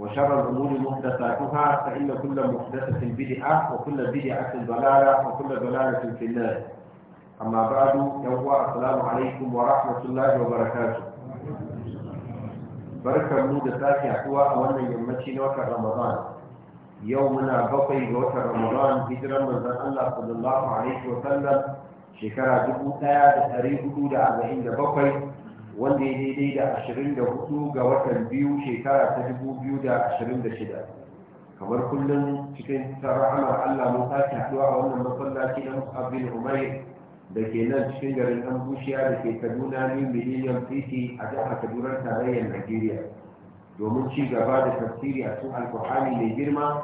وشر الأمور محدثاتها فإن كل محدثة بدعة وكل بدعة ضلالة وكل ضلالة في النار أما بعد يوم السلام عليكم ورحمة الله وبركاته بركة مودة ساكي أقوى أولا يمشي نوك رمضان يومنا بقي وكا رمضان هجرا من الله صلى الله عليه وسلم شكرا دبوتا تاريخ دودة أربعين بقي wanda ya daidai da ashirin da hudu ga watan biyu shekara ta dubu biyu da ashirin da shida kamar kullum cikin tarahama allah mun sake haɗuwa a wannan masallaci na abin da ke nan cikin garin ɗan bushiya da ke kaduna new millennium city a jihar kadunar tarayyar najeriya domin ci gaba da tafsiri a cikin alkur'ani mai girma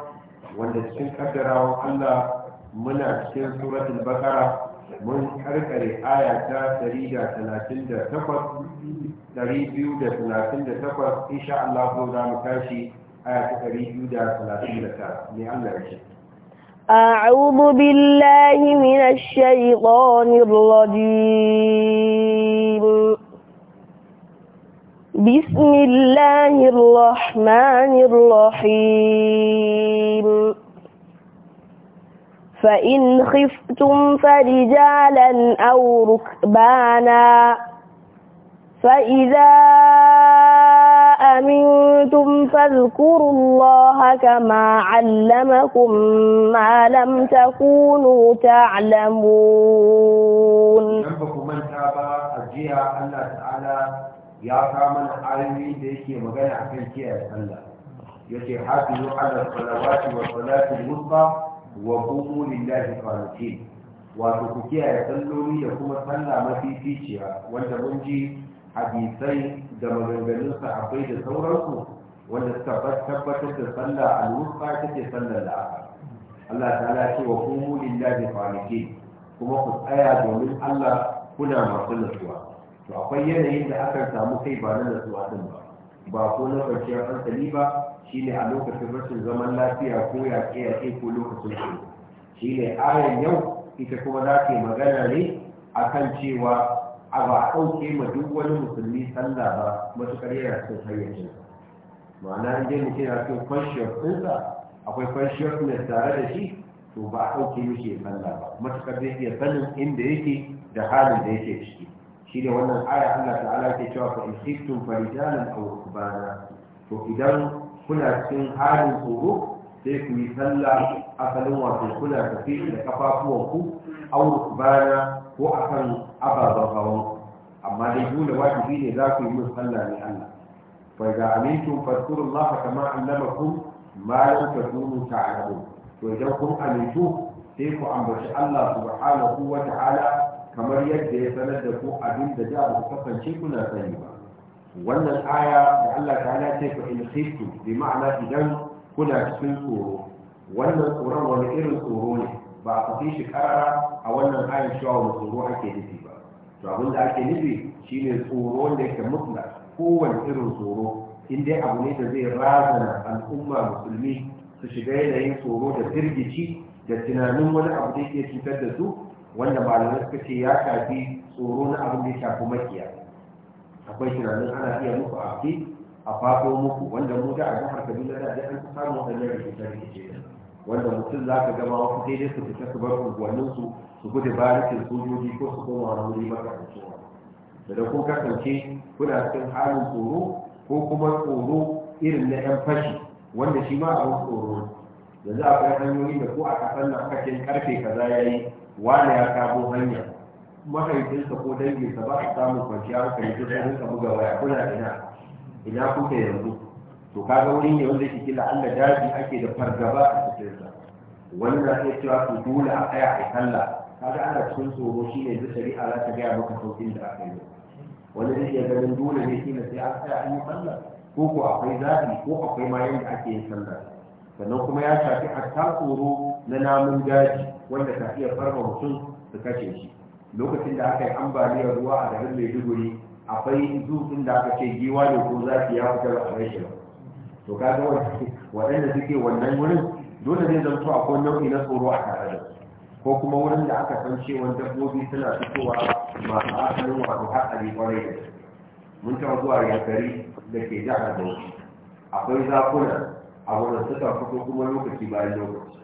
wanda cikin kaddarawa allah muna cikin suratul bakara mun karkare aya ta 138 238 insha Allah ko za mu tashi aya ta 239 ne Allah ya ce أعوذ بالله من الشيطان الرجيم بسم الله الرحمن الرحيم فإن خفتم فرجالا أو ركبانا فإذا أمنتم فاذكروا الله كما علمكم ما لم تكونوا تعلمون أحبكم من تابع الجهة الله تعالى يا كام العالمين ديكي مغانا حكي الجهة الله يتحاكي على الصلوات والصلاة المصطفى wa qumu lillahi qanitin wato ku kiyaye salloli da kuma sallah mafificiya wanda mun ji hadisai da maganganun sahabbai da sauransu wanda suka tabbatar da sallah al-wusta take sallar la'asar Allah ta'ala ce wa qumu lillahi qanitin kuma ku tsaya domin Allah kuna masu nutsuwa to akwai yanayin da akan samu kai ba na nutsuwa din ba ba ko na kwanciyar hankali ba shi ne a lokacin rashin zaman lafiya ko yaƙe yaƙe ko lokacin su ne ayan yau ita kuma za ta yi magana ne a kan cewa a ba ɗauke ma duk wani musulmi sallah ba matuƙar yana cikin hayyacin ma'ana in dai mutum yana cikin kwanciyar sunsa akwai kwanciyar ɗinsa tare da shi to ba a ɗauke mishi ya sallah ba matuƙar zai iya sanin inda yake da halin da yake ciki shine wannan aya Allah ta'ala ke cewa fa in khiftum farijalan aw rukbana to idan kuna cikin halin tsoro sai ku yi sallah asalin wato kuna tafi da kafafuwanku aw rukbana ko akan ababen hawan amma dai dole wajibi ne za ku yi min sallah ne Allah fa idza amintum fadhkurullaha kama allamakum ma lam takunu ta'lamun to idan kun amintu sai ku ambaci Allah subhanahu wa ta'ala kamar yadda ya sanar da ku abin da da ku kasance kuna sani ba wannan aya da Allah ta'ala ce fa in khiftu bi ma'ana idan kuna cikin tsoro wannan tsoron wani irin tsoro ne ba a fafi shi karara a wannan ayan cewa tsoro ake nufi ba to abin da ake nufi shine tsoro da yake mutla kowane irin tsoro in dai abu ne da zai razana al'umma musulmi su shiga yanayin tsoro da firgici da tunanin wani abu da yake cutar da su wanda malamai suka ce ya shafi tsoro na abin da ya shafi makiya akwai tunanin ana iya muku a a faɗo muku wanda mu da a jihar kabila da an fi samun waɗannan rikice rikice wanda mutum za ka gama wasu sai dai su fita su bar unguwannin su su gudu barikin sojoji ko su koma wani wuri maka kasuwa da da kun kasance kuna cikin halin tsoro ko kuma tsoro irin na yan fashi wanda shi ma wasu tsoro yanzu akwai hanyoyi da ko a kasan na kashin karfe kaza ya yi wani ya kabo hanya mahaifinsa ko danginsa ba a samun kwanciya yi duk sun ka buga waya kuna ina ina kuka yanzu to kaga wuri ne wanda ke kila Allah daji ake da fargaba a cikinsa wani na iya cewa su dole a tsaya a sallah kaga ana cikin tsoro shi ne da shari'a za ta gaya maka da aka yi wani zai iya ganin dole ne kila sai an tsaya an yi sallah ko ko akwai zafi, ko akwai ma da ake yin sallah sannan kuma ya shafi hatta tsoro na namun daji wanda ka iya farma mutum su kashe shi lokacin da aka yi ambaliyar ruwa a garin maiduguri akwai zuzun da aka ce giwa da ko zafi ya fita a rashi ba to ga waɗanda suke wannan wurin dole zai zanto akwai nau'i na tsoro a tare da ko kuma wurin da aka san cewa dabbobi suna fitowa masu asalin wato hatsari kwarai da mun taɓa zuwa yankari da ke jihar bauchi akwai zakuna a wurin suka fito kuma lokaci bayan lokaci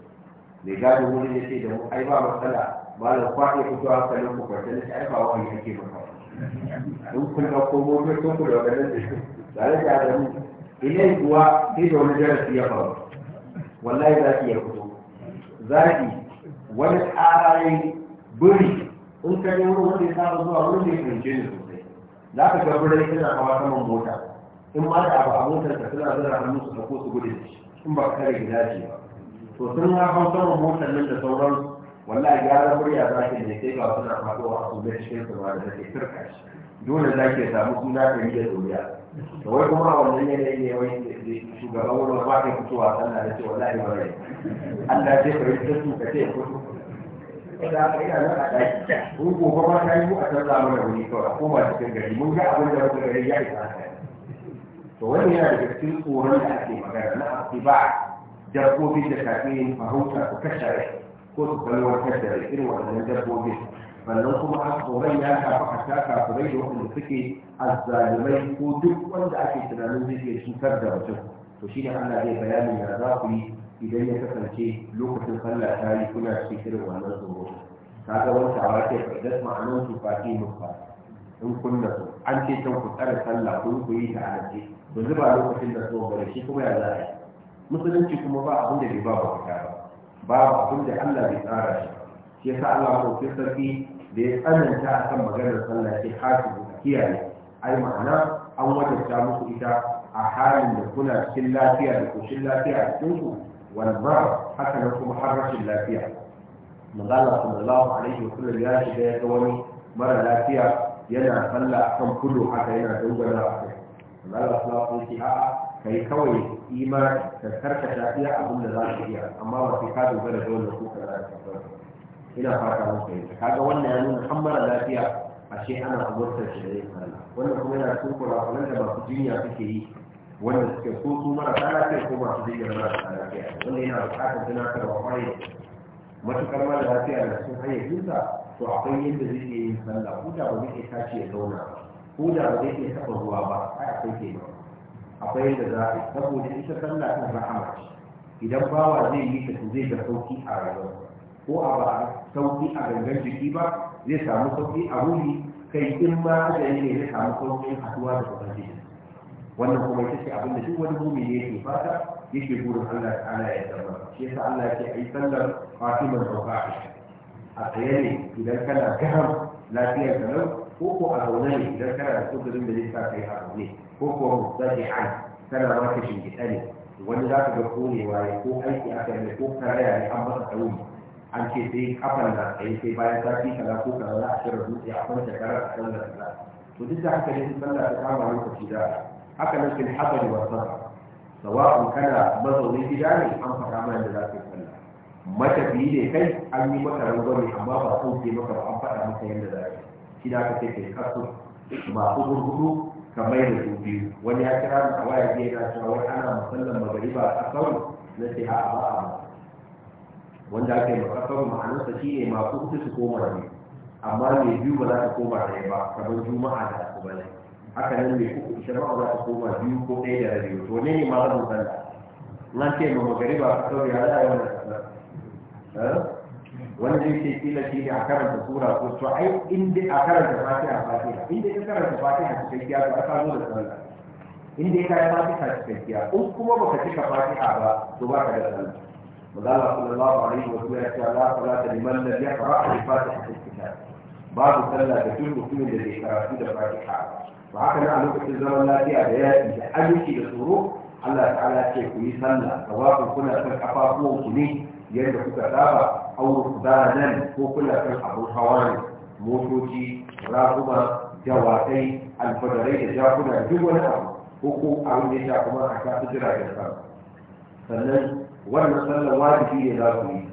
mai gado wani ya ce da mu ai ba matsala da kwaɗe fitowa hankalin ku kwanta na shi ba wani ake maka in kun ɗauko motar ko ku da wadannan da su tare da adamu ilai kuwa sai da wani darasi ya faru wallahi za ki ya fito zaki wani tsarayen buri in ka yi wurin wanda ya saba zuwa wurin da ya fahimce da sosai za ka ga birai suna hawa saman mota in ma da abu a motar ka suna zira hannu su sako su gudu in ba ka kare gidaje ba to sun ya hau saman motar nan da sauran wallahi gyara murya za ki ne sai ga suna faɗo a su da cikin su ba da take turka shi dole za ki samu suna ta yi da doriya da wai kuma wannan yanayi ne wai shugaban wurin ba ka fitowa sallah da ce wallahi ba rai Allah zai fahimta su ka ce fito da aka yi nan a ɗaki mun gobe ma ta yi mu a canza mana wuri kawai ko ba cikin gari mun ga abin da wata gari ya isa to wannan yana daga cikin tsoron da ake magana na asiba dabbobi da kafin yin farauta su kashe ko su kalwarkar da irin waɗannan dabbobi sannan kuma a tsoron ya kafa a ta kafirai da waɗanda suke azzalimai ko duk wanda ake tunanin zai iya cutar da mutum to shi ne Allah zai bayanin ya za ku yi idan ya kasance lokacin sallah ta yi kuna cikin irin wannan tsoro ka ga wata wa ce idan ma'anar su fati nufa in kunna su an ce can ku tsare sallah kun ku yi ta alaji ba zuba lokacin da tsoron shi kuma ya za a yi musulunci kuma ba abin da bai ba mafita ba babu abin da Allah bai tsara shi shi yasa Allah ko fi sarki da ya tsananta akan maganar sallah shi hasibu kiyaye ai ma'ana an wadanta muku ita a halin da kuna cikin lafiya da koshin lafiya a cikin ku wani ba haka nan kuma har rashin lafiya manzo Allah sallallahu alaihi wa sallam ya shiga ya ga wani mara lafiya yana sallah akan kudu haka yana dogara a kai manzo Allah sallallahu alaihi wa sallam ya ce a'a kai kawai imani da karkata iya abin da za ka iya amma ba sai ka dogara da wannan kuka za ka ba ina fata mun fahimta kaga wannan ya nuna an mara lafiya ashe ana abubuwan shi da yin sallah wannan kuma yana cikin kurakunan da masu jinya suke yi wanda suke so su marasa lafiya ko masu jinya marasa lafiya wanda yana bukatar tunatarwa kwarai da matukar mara lafiya da cikin hayyacinsa to akwai yadda zai iya yin sallah ko da ba zai iya tashi ya zauna ko da ba zai iya taɓa ruwa ba ai akwai taimako akwai yadda za a saboda ita sallah kan rahama idan bawa zai yi ta zai ga sauki a rayuwa ko a ba sauki a gangan jiki ba zai samu sauki a wuri kai in ma ajali ne zai samu sauki haduwa da ubangiji wannan kuma ita ce abin da duk wani mumini yake fata yake burin Allah ta'ala ya zama shi yasa Allah ya ce ai sallar fatimar raka'a a tsaye ne idan kana garam lafiyar ka ko ko a zaune ne idan kana da kudurin da zai sa kai a zaune ko ko mutsari an kana ma ka shingida ne wani za ka ga konewa ne ko aiki aka yi ko karaya ne an masa tsauni an ce sai kafan na tsaye sai bayan sati kaza ko kaza za a shirin dutse a kwanta kara a kan da kaza to duk da haka ne sallah ta kama lokaci da haka nan fil hadari wa sabr sawa'un kana mazaunin gida ne an faɗa mana da za ka yi sallah matafiyi ne kai an yi maka rangwame amma ba sauke maka ba an faɗa maka yadda za ka yi shi da aka ce kai kasu masu gurgudu ka mai da su biyu wani ya kira da waya biyu da cewa wai ana musallan magariba a kasar na ce ha ba wanda aka yi makasar ma'anarsa shi ne masu hutu su koma ne amma mai biyu ba za ta koma da ba kamar juma'a da asuba ne haka nan mai uku ba za ta koma biyu ko ɗaya da rabi to ne ne ma zan sallah na ce ma magariba a kasar ya za a yi wannan kasar wani zai ce kila shi ne a karanta sura ko to ai in dai a karanta fatiha fatiha in dai ka karanta fatiha cikakkiya to aka zo da sallah in dai ka yi fatiha cikakkiya in kuma baka cika fatiha ba to ba ka da sallah mazala sallallahu alaihi wa sallam ya ce Allah salata liman lam yaqra bi fatiha kitab babu sallah da duk mutumin da bai karatu da fatiha ba haka na a lokacin zaman lafiya da yaki da aminci da tsoro Allah ta'ala ce ku yi sallah tawafin kuna kan kafafuwanku ne yadda kuka saba au zanen ko kuna kan abun hawa ne motoci rakuma jawasai, alfadarai da jakuna duk wani abu ko ko abin ya kuma a shafi da sama sannan wannan sallar wajibi ne za ku yi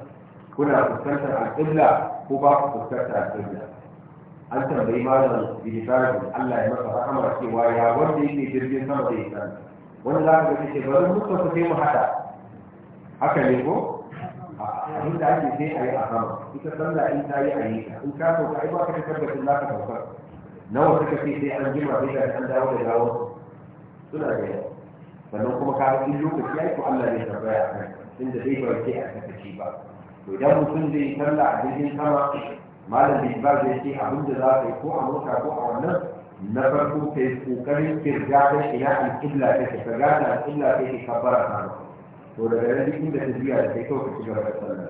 kuna fuskantar alƙibla ko ba ku fuskantar alƙibla an tambayi malam bilisarin Allah ya masa rahama cewa ya wanda yake jirgin sama da ya wani za ka ga ce bari mu su taimaka haka ne ko inda ake sai a yi a sama ita sallah in ta yi a yi in ka sauka ai ba ka tabbatin za ka sauka nawa suka ce sai an jima sai da an dawo da dawo suna da yawa sannan kuma ka in lokaci ya ko Allah ne tambaya a kan inda zai ba ke a sakaci ba to idan mutum zai sallah a jirgin sama malam bai ba zai ce abin da za ka yi ko a mota ko a wannan na farko ka yi kokarin kirga da ina al'ibla take ka gane al'ibla take kabbara sama to daga nan duk inda tafiya da kai kawai ka ci gaba da sallah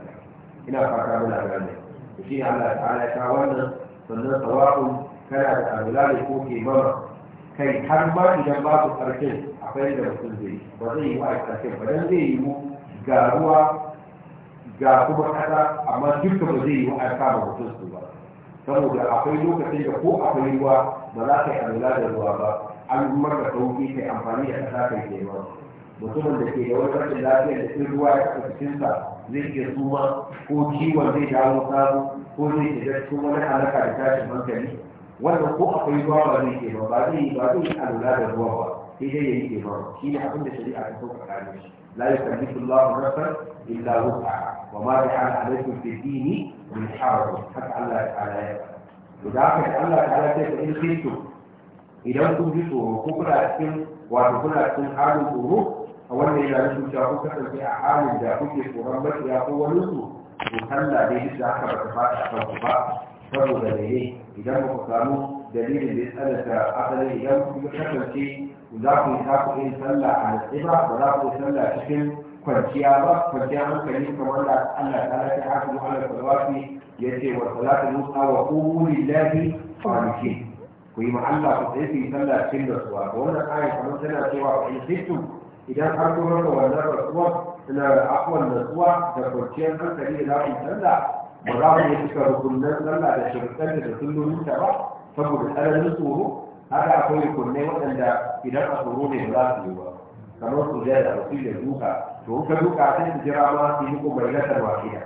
ina fata muna gane to shi Allah ta'ala ya kawo wannan sannan sawa'un kana da alula ne ko ke mama kai har ma idan babu karfin akwai da mutum zai ba zai yi wa karfin ba dan zai yi mu ga ruwa ga kuma kasa amma duka ba zai yi wa arka ba mutum su ba saboda akwai lokacin da ko akwai ruwa ba za ka yi alula da ruwa ba an maka sauki kai amfani da kasa kai ke mama mutumin da ke da wata rashin lafiya da sai ruwa ya taɓa cikinsa zai iya suma ko ciwon zai dawo sabo ko zai shiga cikin wani halaka da tashin hankali wannan ko akwai ruwa ba zai ke ba ba zai ba zai yi alula da ruwa ba sai dai ya yi ke ba shi ne abin da shari'a ta sauka kare shi la yukallifu Allahu nafsan illa wus'aha wa ma ja'ala alaykum fi dini min haraj haka Allah ta'ala ya to da haka Allah ta'ala ta ce in kuntum idan kun ji tsoro ko kuna cikin wato kuna cikin halin tsoro a wannan yana nufin cewa kun kasance a halin da kuke tsoron maciya ko wani su to kalla dai duk da aka ba ta fata a kanku ba saboda da ne idan ba ku samu dalilin da ya a asalin idan kun kasance za ku yi taku yin sallah a nasi ba ba za ku yi sallah cikin kwanciya ba kwanciya hankali kamar da Allah ta lafi haka mu ala salawati ya ce wa salatu musa wa qumu lafi qanitin ku yi ma Allah ku tsaye su yi sallah cikin da suwa da wannan ayat kamar tana cewa in kuntum idan har kuma ka wannan rasuwa na akwai nasuwa da kwanciyar hankali da zafin sallah ba za mu yi cika rukunan sallah da shirkan da sunnoninta ba saboda tsananin tsoro haka akwai rukunai waɗanda idan a tsoro ne ba za su yi ba kamar su zai da rasu da duka to in ka duka sai su jira ma su yi muku mai nasar wakiya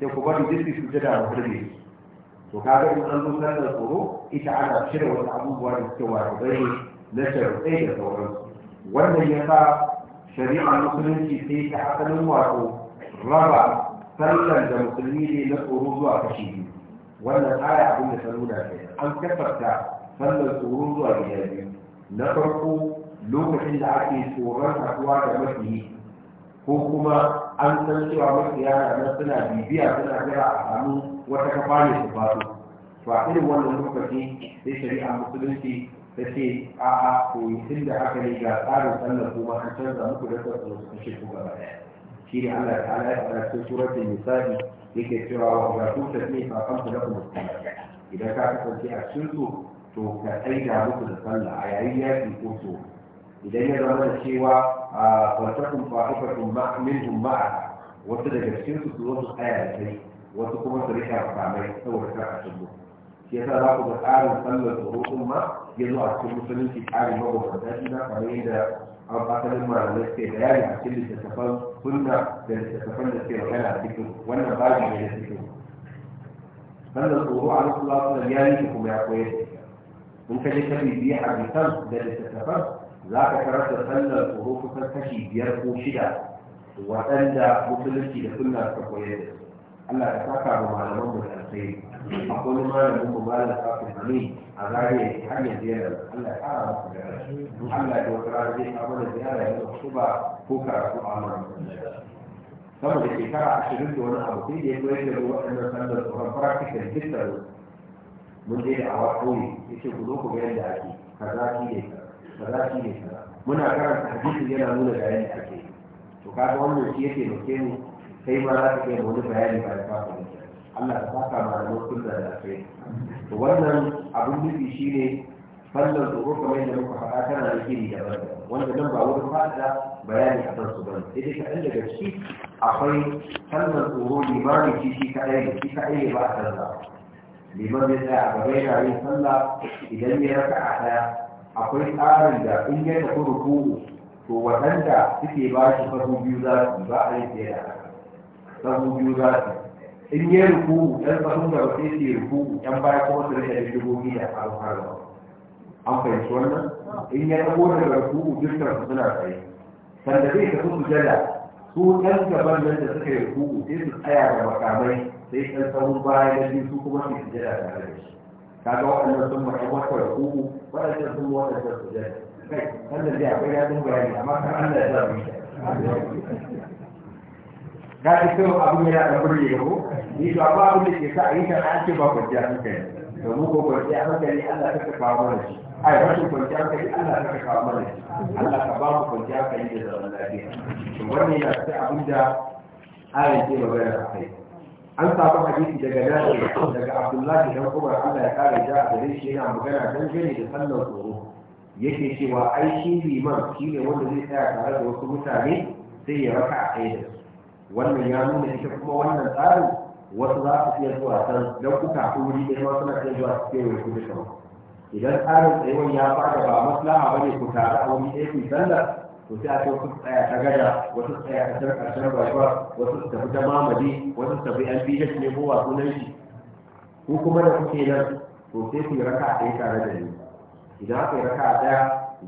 sai ku bari duk su jira da mutum to kaga in an zo sallar tsoro ita ana shirya wasu abubuwa da suke wajibai na sharuɗai da sauransu wannan ya sa shari'ar musulunci sai ta asalin wato raba sallar da musulmi ne na tsoro zuwa kashi biyu wannan aya abin da ta nuna ce an tabbata sallar tsoro zuwa gida biyu na farko lokacin da ake tsoron haɗuwa da mafi ko kuma an san cewa mafi yana na suna bibiya suna jira a samu wata kafa ne su fato to a irin wannan lokaci sai shari'ar musulunci ta ce a a koyi tun da haka ne ga tsarin sallar kuma an canza muku da ta tsoro sun shi kuma ba shi ne Allah ta ala ya fara cikin suratul nisa'i yake cewa wa ga ku ta ne fa kan ku da ku idan ka kasance a cikin su to ka tsaida muku da sallah a yayin yaki ko so idan ya zama da cewa a fartakun fa'ifatun minhum ma'a wasu daga cikin su su zo su tsaya da kai wasu kuma su rika kamai saboda kar a shigo shi yasa za ku ga tsarin sallar tsoro ma ya zo a cikin musulunci ƙarin mabambanta shi na kamar yadda an asalin malamai suke bayani a cikin littattafan sunna da littattafan da suke magana a cikin wannan babu ne da suke sannan tsoro a rasu za ya yi kuma ya koya. da shi in ka je ka bibiya a bisan da littattafan za ka karar da sallar tsoro kusan kashi biyar ko shida waɗanda musulunci da sunna suka koyar da su Allah ya saka ga malaman mu da sai akwai wani malamin mu malam kafin ne a zare har yanzu yana Allah ya fara masa da Allah ya wata rana zai samu da ziyara ya zama ba ko karatu a mana saboda da shekara ashirin da wani abu sai da ya koyar da waɗannan sandar tsoron practical digital mun je da awa ne ya ce ku zo ku ga yadda ake kaza shi ne kaza shi ne kaza muna karanta hadisi yana nuna da yadda ake to kaga wannan shi yake dauke mu sai ma za ka iya wani bayani ba da kafa Allah ka saka ma da lokacin da da kai to wannan abin nufi shine sallar zuwa kamar yadda muka faɗa tana da kiri daban wanda nan ba wurin fada bayani a kansu ba sai dai kaɗan daga ciki akwai sallar tsoro limanin shi shi kaɗai ne shi kaɗai ne ba a sallah liman zai tsaya a gaba yana yin sallah idan ya raka a ɗaya akwai tsarin da in ya tafi rukuku to waɗanda suke ba shi fasu biyu za su ba a yin tsaye da sahu biyu za su in yi ruku ɗan sahun da wasu yake ruku ɗan baya kuma su rike da shigogi da faru faru an fahimci wannan in ya ɗago da ruku dukkan su suna tsaye sanda zai tafi su jada su ɗan gaban nan da suka yi ruku sai su tsaya da makamai sai ɗan sahun baya na biyu su kuma su jada tare da shi kaga waɗannan sun mace wata ruku waɗannan sun waɗannan su jada kai sanda zai akwai ya sun bayani amma kan da ya sa mu shi na fi so abin yana da burge ko ni to amma abin da ke sa a yi kan an ce ba kwanciya hankali domin ko kwanciya ni Allah ta kafa mana shi ai rashin kwanciya hankali Allah ta kafa mana shi Allah ka ba mu kwanciya hankali da zaman lafiya to wannan yana cikin abin da ayan ke magana da kai an samu hadisi daga nafi daga abdullahi dan umar Allah ya kare da a gare shi yana magana dangane da sallar tsoro yake cewa ai shi liman shi ne wanda zai tsaya tare da wasu mutane sai ya raka a kai da su wannan ya nuna ita kuma wannan tsarin wasu za su iya zuwa can don kuka ko wuri ɗaya wasu na iya zuwa su kewaye ku duka idan tsarin tsayuwar ya fara ba maslaha ba ne ku tare a wani ɗaya ku sallar to sai a ce wasu tsaya ta gada wasu tsaya ta can ƙarshen rayuwa wasu su tafi ta mamadi wasu su tafi lph ne ko wasu nan shi ku kuma da kuke nan to sai ku yi raka ɗaya tare da ni idan aka yi raka ɗaya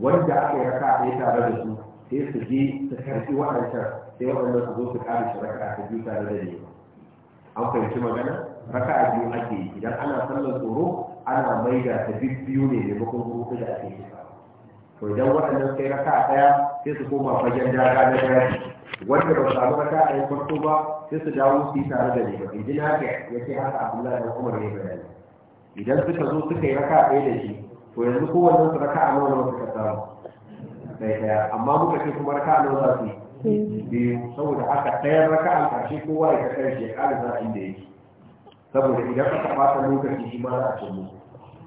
wanda aka yi raka ɗaya tare da su sai su je su karɓi waɗancan sai wanda su zo su ƙara shi raka ta biyu tare da nema an fahimci magana a biyu ake yi idan ana sallar tsoro ana da ta biyu ne maimakon hudu da ake yi to idan waɗannan sai a ɗaya sai su koma fagen daga na daji wanda ba su samu a yi farko ba sai su dawo su yi tare da nema idan haka na ya ce haka abdullahi da umar ne bayani idan suka zo suka yi raka'a ɗaya da shi to yanzu kowannen su raka nawa nawa suka samu ɗaya ɗaya amma muka ce kuma a nawa za su yi biyu eh, saboda aka ɗayan raka a ƙarshe kowa ya kasar shi ya ƙara zafin yake saboda idan aka fata lokaci shi ma za a cin musu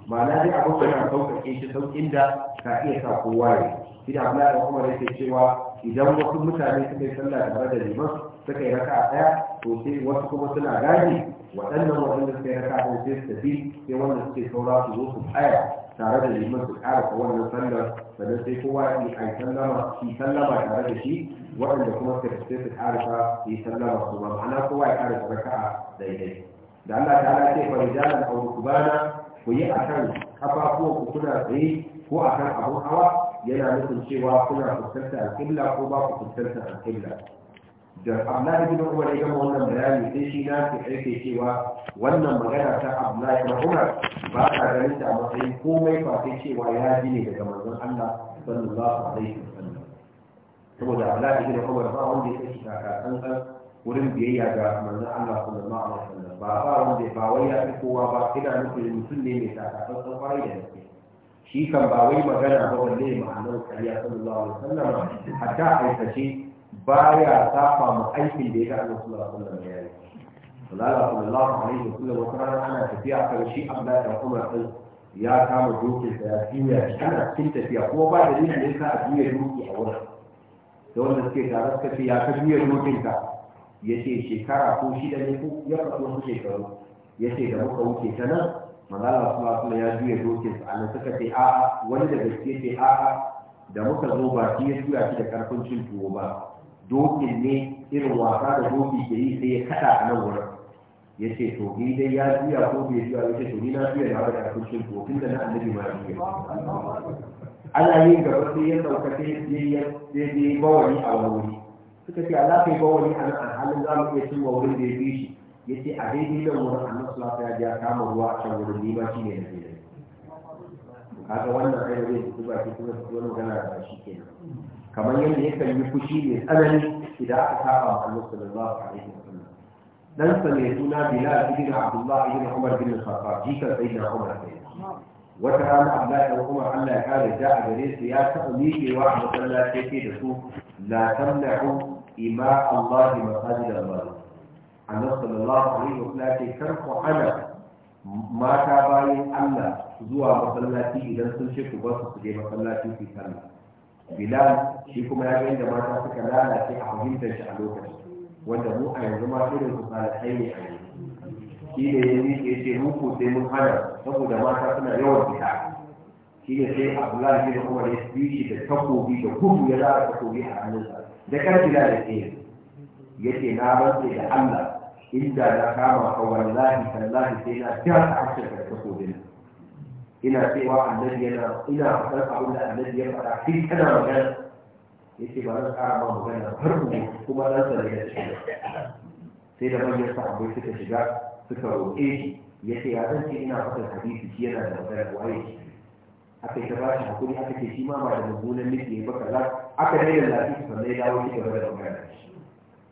ma'ana dai abin da sauƙaƙe shi da ka iya sa kowa ya shi da abu da kuma yake cewa idan wasu mutane suka yi sallah tare da liman suka yi raka a ɗaya to sai wasu kuma suna gadi waɗannan waɗanda suka yi raka a sai su tafi sai wanda suke saura su zo su tsaya tare da liman su ƙara wannan sallar sannan sai kowa ya yi sallama sallama tare da shi waɗanda kuma suka tafi su karisa yi sallama su ba ma'ana kowa ya karisa raka'a daidai da Allah ta ce fa rijalan aw rukbana ku yi akan kafafuwan ku kuna tsaye ko akan abun hawa yana nufin cewa kuna fuskantar alƙibla ko ba ku fuskantar alƙibla da Abdullahi ibn Umar ya gama wannan bayani sai shi na ke aike cewa wannan magana ta Abdullahi ibn Umar ba ta ganin ta a matsayin komai ba sai cewa ya ji ne daga manzon Allah sallallahu alaihi wasallam saboda alaƙi da kawai ba wanda ya kashi kaka tsantsan wurin biyayya ga manzon Allah sallallahu alaihi wasallam ba ba wanda ba wai ya fi kowa ba ina nufin mutum ne mai kaka tsantsan kwarai da gaske shi kan ba wai magana ba balle ma'anar kariya sallallahu alaihi wasallam hatta aikace baya safa mu aikin da ya ga Allah sallallahu alaihi wasallam ya yi Allah sallallahu alaihi wasallam wata rana ana tafiya kan shi Abdullah da Umar din ya kama dokin sa ya juya ana cikin tafiya kuma ba dalilin da yasa a juya doki a wurin da wanda suke tare suka ce ya ka juya dokinka ya ce shekara ko shida ne ya faɗi wasu shekaru ya ce da muka wuce ta nan manzala wasu masu ya juya dokinsa a nan suka ce a'a wani da gaske ce a'a da muka zo ba shi ya juya shi da karfin cin tuwo ba dokin ne irin wasa da dokin ke yi sai ya kada a nan wurin ya ce to ni dai ya juya ko bai juya ya ce to ni na juya na da karfin cin tuwo tun da na annabi ma ya juya ana yin gaba sai ya sauka sai ya yi bawani a wani suka ce ala kai bawani a nan halin za mu iya cimma wurin da ya bi shi ya ce a daidai nan wurin annan sulata ya ja kama ruwa a can wurin nima shi ne na daidai kaga wannan kai ne su ba shi kuma su wani magana da shi kenan kamar yadda ya kan yi fushi mai tsanani idan aka saba wa annan sallallahu alaihi wa sallam dan sa ne suna bilal ibn abdullah ibn umar bin khattab jikan sayyidina umar sai wata rana Abdullahi dan Umar Allah ya kare da a gare su ya taɓa miƙewa a masallaci yake da su la tamna'u ima Allah masajid Allah sallallahu alaihi wa sallam ce kar ku hana mata bayan Allah zuwa masallaci idan sun ce ku ba su je masallaci su sallah Bilal shi kuma ya ga inda mata suka lalace a fahimtar shi a lokacin wanda mu a yanzu ma irin su salihai ne a yanzu shi ne ya miƙe ya ce muku sai mun hana saboda mata suna yawan fita shi ne sai abdullahi bin umar ya bi shi da takobi da gudu ya lara takobi a hannunsa da ƙarfi da ya ce ya ce na rantse da allah inda na kama ka wallahi tallahi sai na fiya ta harshen da takobin ina cewa annabi yana ina faɗar abin da annabi ya faɗa kai kana magana ya ce ba zan ƙara ma magana har kuma ɗansa da ya ce sai da manyan sahabbai suka shiga suka roƙe shi ya ce ya zan ce ina faɗin hadisi shi yana da magana ko aiki aka yi ta ba shi hakuri aka ce shi ma ba da mummunan nufi ya baka za aka daina lafiya sannan ya dawo shi gaba da magana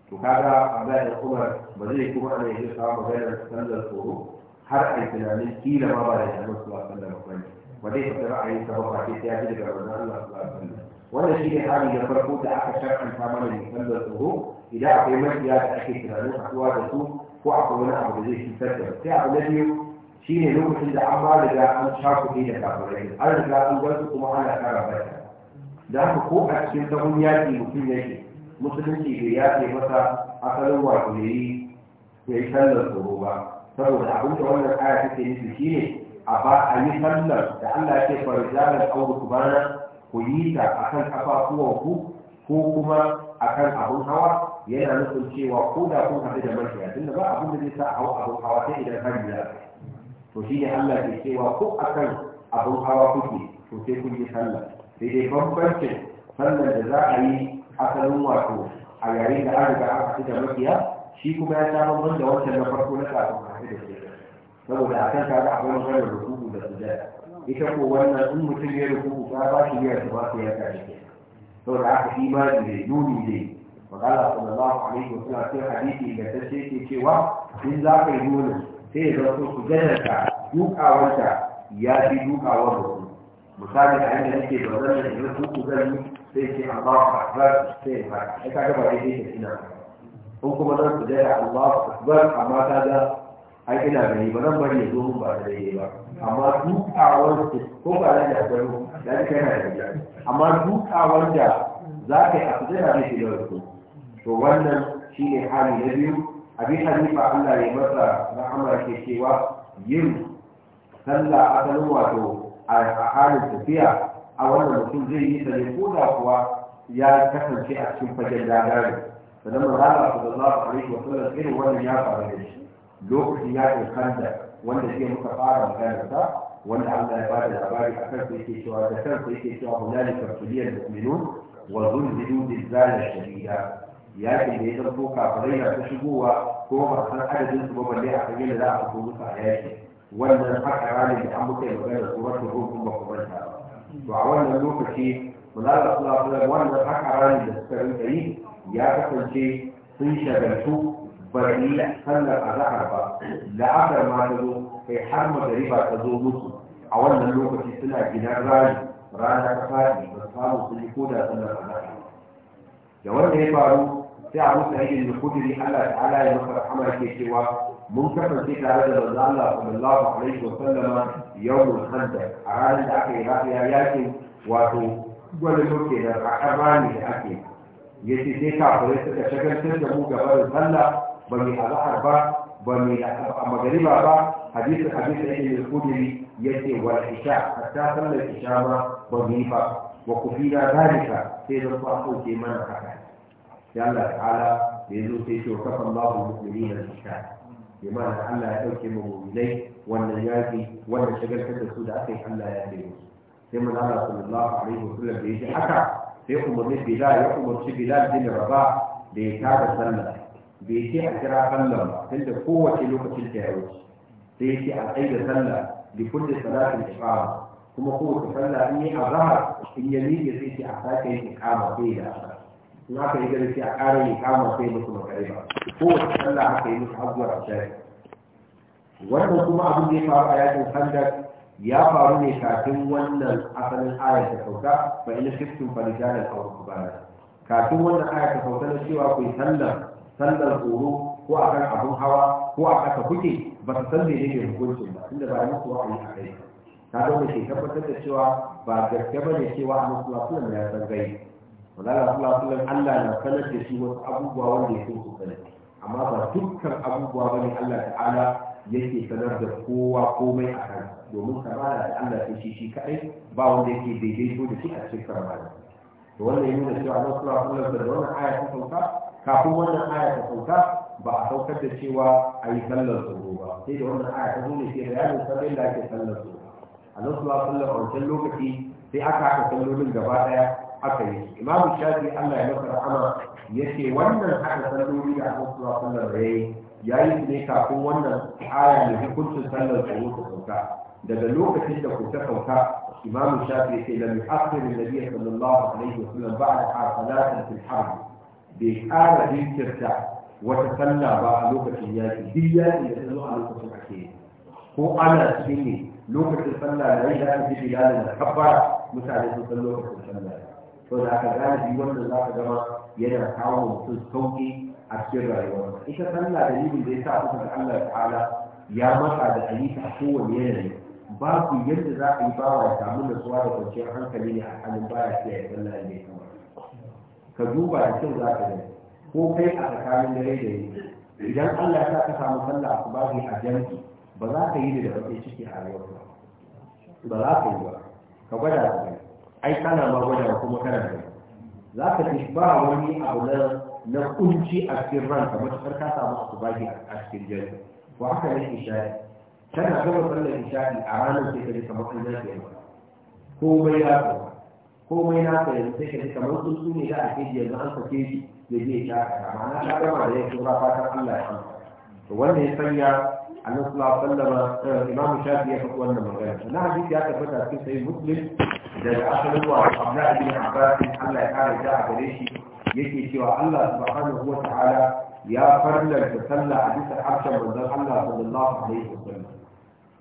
to kaga a bayan umar ba zai kuma ana yi sa maganar sallar tsoro har a yi tunanin kila ma ba da jami'ar su a sallar mafarki ba zai fita ra'ayin sa ba sai ya ji daga wannan Allah su a sallar wannan shi ne hali na farko da aka shar'anta mana mai sallar tsoro idan akwai mafiya da ake tunanin haɗuwa da su ko akwai wani abu da zai shi da sai abu na biyu shi ne lokacin da an ba da ga an shafuɗe da kafirai an riga an gwarsu kuma ana kara bata da haka ko a cikin sahun yaƙi mutum yake musulunci bai yaƙe masa asalin wato ya yi ya yi sallar tsoro ba saboda abin da wannan aya take nufi shi ne a ba a yi sallar da Allah ke ce farijalar aure ku bana ku yi ta akan ku ko kuma akan abun hawa yana nufin cewa ko da kun haɗu da makiya tunda ba abin da zai sa hawa abin hawa sai idan har ya to shi ne Allah ke cewa ko akan abin hawa kuke to sai kun yi sallah sai dai bambancin sallar da za a yi asalin wato a yayin da an riga aka haɗu da mafiya shi kuma ya samu bamban da wancan na farko na kafin haɗu da shi saboda a kan kaga akwai maganar rukuku da sujada ita ko wannan in mutum ya rukuku ba ba shi ya ba su ya kashi saboda haka imani ne nuni ne magana sallallahu alaihi wa sallam sai hadisi da tace yake cewa in za ka yi dole sai da ku sujadarka dukawarta ya fi dukawar da ku misali a yadda nake da wannan da ya ku gani sai ce Allahu akbar sai ba ai kaga ba dai yake ina in kuma dan sujada Allahu akbar amma kaga ai ina gani ba nan bari ya zo mun ba da dai ba amma dukawar ko ba da da gano da kai na da amma dukawar da za ka yi a sujada ne ke da ku to wannan shine hali na biyu abin halifa Allah ya masa rahama ke cewa yin sallah asalin wato a halin tafiya a wannan mutum zai yi da ne ko da kuwa ya kasance a cikin fagen dagari sannan manzala sallallahu alaihi wa sallam irin wannan ya faru da shi lokacin ya kankanta wanda shi muka fara magana ta wanda Allah ya bada labari a kansa yake cewa da kansa yake cewa hunalika tuliyal mu'minun wa zulzilu zilzalan shadida yakin da ya zanto kafirai na ta shigowa ko ba san adadin su ba balle a kan yadda za a fito musu a yaki wannan haka ranar da an muka yi magana da suratul rum ba ku manta ba to a wannan lokaci manzala sallallahu alaihi wasallam wannan haka ranar da suka rinka yi ya kasance sun shagaltu bari sallar azhar ba la'asar ma ta zo kai har magariba ta zo musu a wannan lokaci suna gidan rani rana ta fadi ba samu su ko da sallar azhar da wanda ya faru sai a musu rage da kudiri Allah ta'ala ya masa rahama ke cewa mun kasance tare da manzo Allah sallallahu alaihi wa sallama yawmul khandaq a ranar da aka yi rafiya yakin wato gwada soke da akaba ne da ake ya ce sai kafirai suka shagaltar da mu gaba da sallah ba mai azahar ba ba mai a magariba ba hadisin hadisin yake da kudiri ya ce wa isha hatta sallar isha ma ba mu yi ba wa kufina zalika sai da ku a mana haka sai Allah ta'ala da ya zo sai ce kafa Allahu mu'minina al shi. bi ma'ana Allah ya dauke mu mu'minai wannan yaki wannan shagaltar da su da aka yi Allah ya yi sai mun Allah sallallahu alaihi wasallam da yake haka sai umarni Bilal ya umarci Bilal bin ba. da ya tada sallah bai ce a kira sallah ba tunda kowace lokacin ta ya wuce sai ya a tsaye da sallah bi kulli salatin iqama kuma kowace sallah in yi azhar in ya miƙe sai ce a sake yin iqama sai da asar in aka yi gari a ƙara yi kama sai musu makare ba kowace sallah aka yi musu abubuwar ashari wannan kuma abin da ya faru a yakin handak ya faru ne kafin wannan asalin ayar ta sauka fa in shiftum fa rijalan aw kafin wannan ayar ta sauka na cewa ku sallar sallar tsoro ko akan abun hawa ko a kasa kuke ba su san menene hukuncin ba tunda ba musu wa'ayi a ta zo da ke tabbatar da cewa ba gaske ba ne cewa a masu wasu ya san gai manzala sallallahu alaihi Allah na sanar da shi wasu abubuwa wanda ya so su sanar amma ba dukkan abubuwa bane Allah ta'ala yake sanar da kowa komai a kan domin kamala da Allah ya shi shi kadai ba wanda yake daidaito da shi a cikin kamala to wannan yana nuna cewa Allah sallallahu alaihi da wannan aya ta sauka kafin wannan aya ta sauka ba a saukar da cewa a yi sallar tsoro ba sai da wannan aya ta zo ne ke bayanin sallar da ake sallar tsoro Allah sallallahu alaihi a wancan lokaci sai aka haka sallolin gaba daya haka ne imamu shafi Allah ya masa rahama yace wannan haka salloli da aka sura sallar rai yayi ne kafin wannan aya ne hukuncin sallar tsoro ta sauka daga lokacin da ku ta sauka imamu shafi yace lam yu'akhir an-nabiy sallallahu alaihi wa sallam ba'da salatin fil harb bai ƙara jinkirta wata sallah ba a lokacin yaki duk yaki da ta zo a lokacin ake ko ana cikin ne lokacin sallah da yi da aka ji bilalin da kabbara mutane sun san lokacin sallah ko da aka gadi wanda za ka gama yana kawo mutum sauƙi a cikin rayuwa ita sallah dalilin da ya sa kusa da Allah ta'ala ya matsa da ayi a kowane yanayi Ba ku yadda za a yi bawa wa samu suwa da kwanciyar hankali ne a halin baya kiyaye sallah ne kamar ka duba da kyau za ka gani ko kai a tsakanin dare da yi idan Allah ya sa ka samu sallah a kubahi a janki ba za ka yi da ke ciki a rayuwar ba za ka yi ba ka gwada da kai ai kana ma gwada kuma kana da za ka ji ba wani abu na na kunci a cikin ranka matuƙar ka samu su kubaji a cikin jari ko haka ne isha'i tana gama sallar isha'i a ranar sai ka ji kamar an zafi yanzu komai ya ko mai na ka yanzu sai ka ji kamar tsuntsu ne da a keji yanzu an sake shi ya je ya sha ka ma'ana ta gama da ya tura fatan Allah ya amsa to wanda ya sanya annabi sallallahu alaihi eh, imam shafi ya faɗi wannan magana na hadisi ya tabbata cikin sai muslim daga asalin wa abdullahi bin abbas Allah ya kare a gare shi yake cewa Allah subhanahu wa ta'ala ya farlanta sallah a bisa harshen manzon Allah sallallahu alaihi sallam.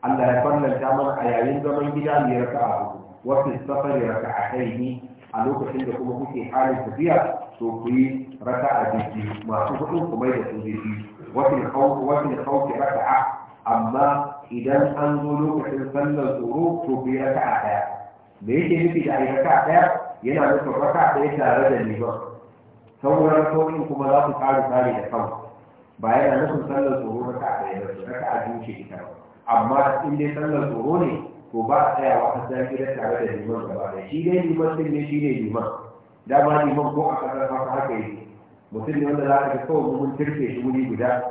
Allah ya farlanta mana a yayin zaman gida mai raka'a wasu fi safari raka'ataini a lokacin da kuma kuke halin tafiya to ku yi raka'a biyu masu hudu kuma da su wani kauki ba ta'a, amma idan an zo lokacin sallar tsoro to bi raka a daya da yake nufi da a ka daya yana nufi raka daya tare da liba sauran kauki kuma za su tsari tsari da kan ba yana nufi sallar tsoro raka daya da su raka a biyu ce amma in dai sallar tsoro ne to ba a tsaya wa kan da tare da liban ba da shi dai liban sun ne shi ne liban dama liban ko a kasar haka yake mutum ne wanda za a ga kawai mun turke shi wuri guda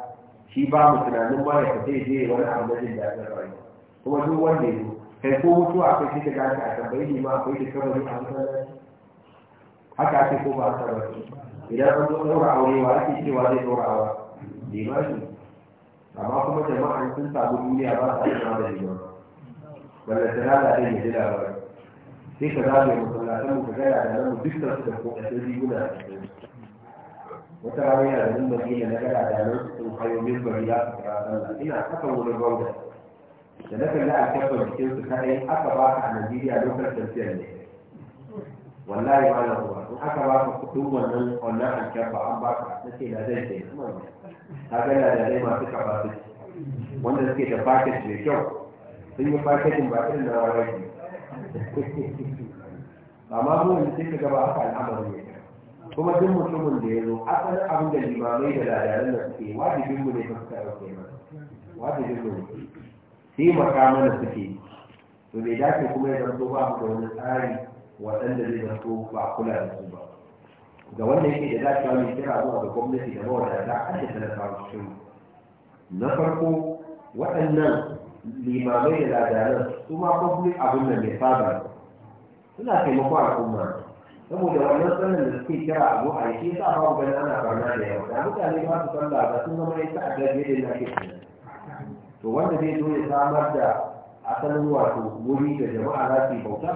shi ba mu tunanin ba ya fita je wani abu da jin daɗin rayuwa kuma duk wanda ya zo kai ko mutuwa akwai shi da gashi a tambayi ni ma akwai da ne a masallaci haka ake ko ba a saba idan an zo ɗaura aure wa ake cewa zai ɗaura aure limani amma kuma jama'a sun samu duniya ba sa yin da liman balle ta da ɗin da ji labarai sai ka zagaye masallatan mu ka gaya da nan mu duk da su da ko a riguna a cikin wata rana yana da mimbari da na gada da nan sun hayo mimbari za su kira sallah ina kafa wurin rauda da na kalli alkafar jikin su kadai aka ba ka a najeriya lokacin tafiyar ne wallahi ba na ruwa in aka ba ka kudin wannan wannan alkafa an ba ka na ce na zai ce ta gana da zai masu kafa su wanda suke da paket mai kyau sun yi paketin ba irin na wawaki amma mu yanzu sai ka gaba aka al'amarin ne kuma duk mutumin da ya zo asalin abin da limamai da ladaran da suke wajibin mu ne ba su ɗauke mana wajibin mu ne sai makamana suke to bai dace kuma ya zanto ba mu da wani tsari waɗanda zai zanto ba kula da su ba ga wanda yake da dacewa mai kira zuwa ga gwamnati da mawadata a da talakawa cikin na farko waɗannan limamai da ladaran su ma kuma abin da mai saba suna taimako al'umma saboda wannan sannan da suke kira abu a yake sa ba ku gani ana barna da yawa da mutane ba su san ba sun zama ya sa a gaje da yake to wanda zai zo ya samar da asalin wato wuri da jama'a za su yi bauta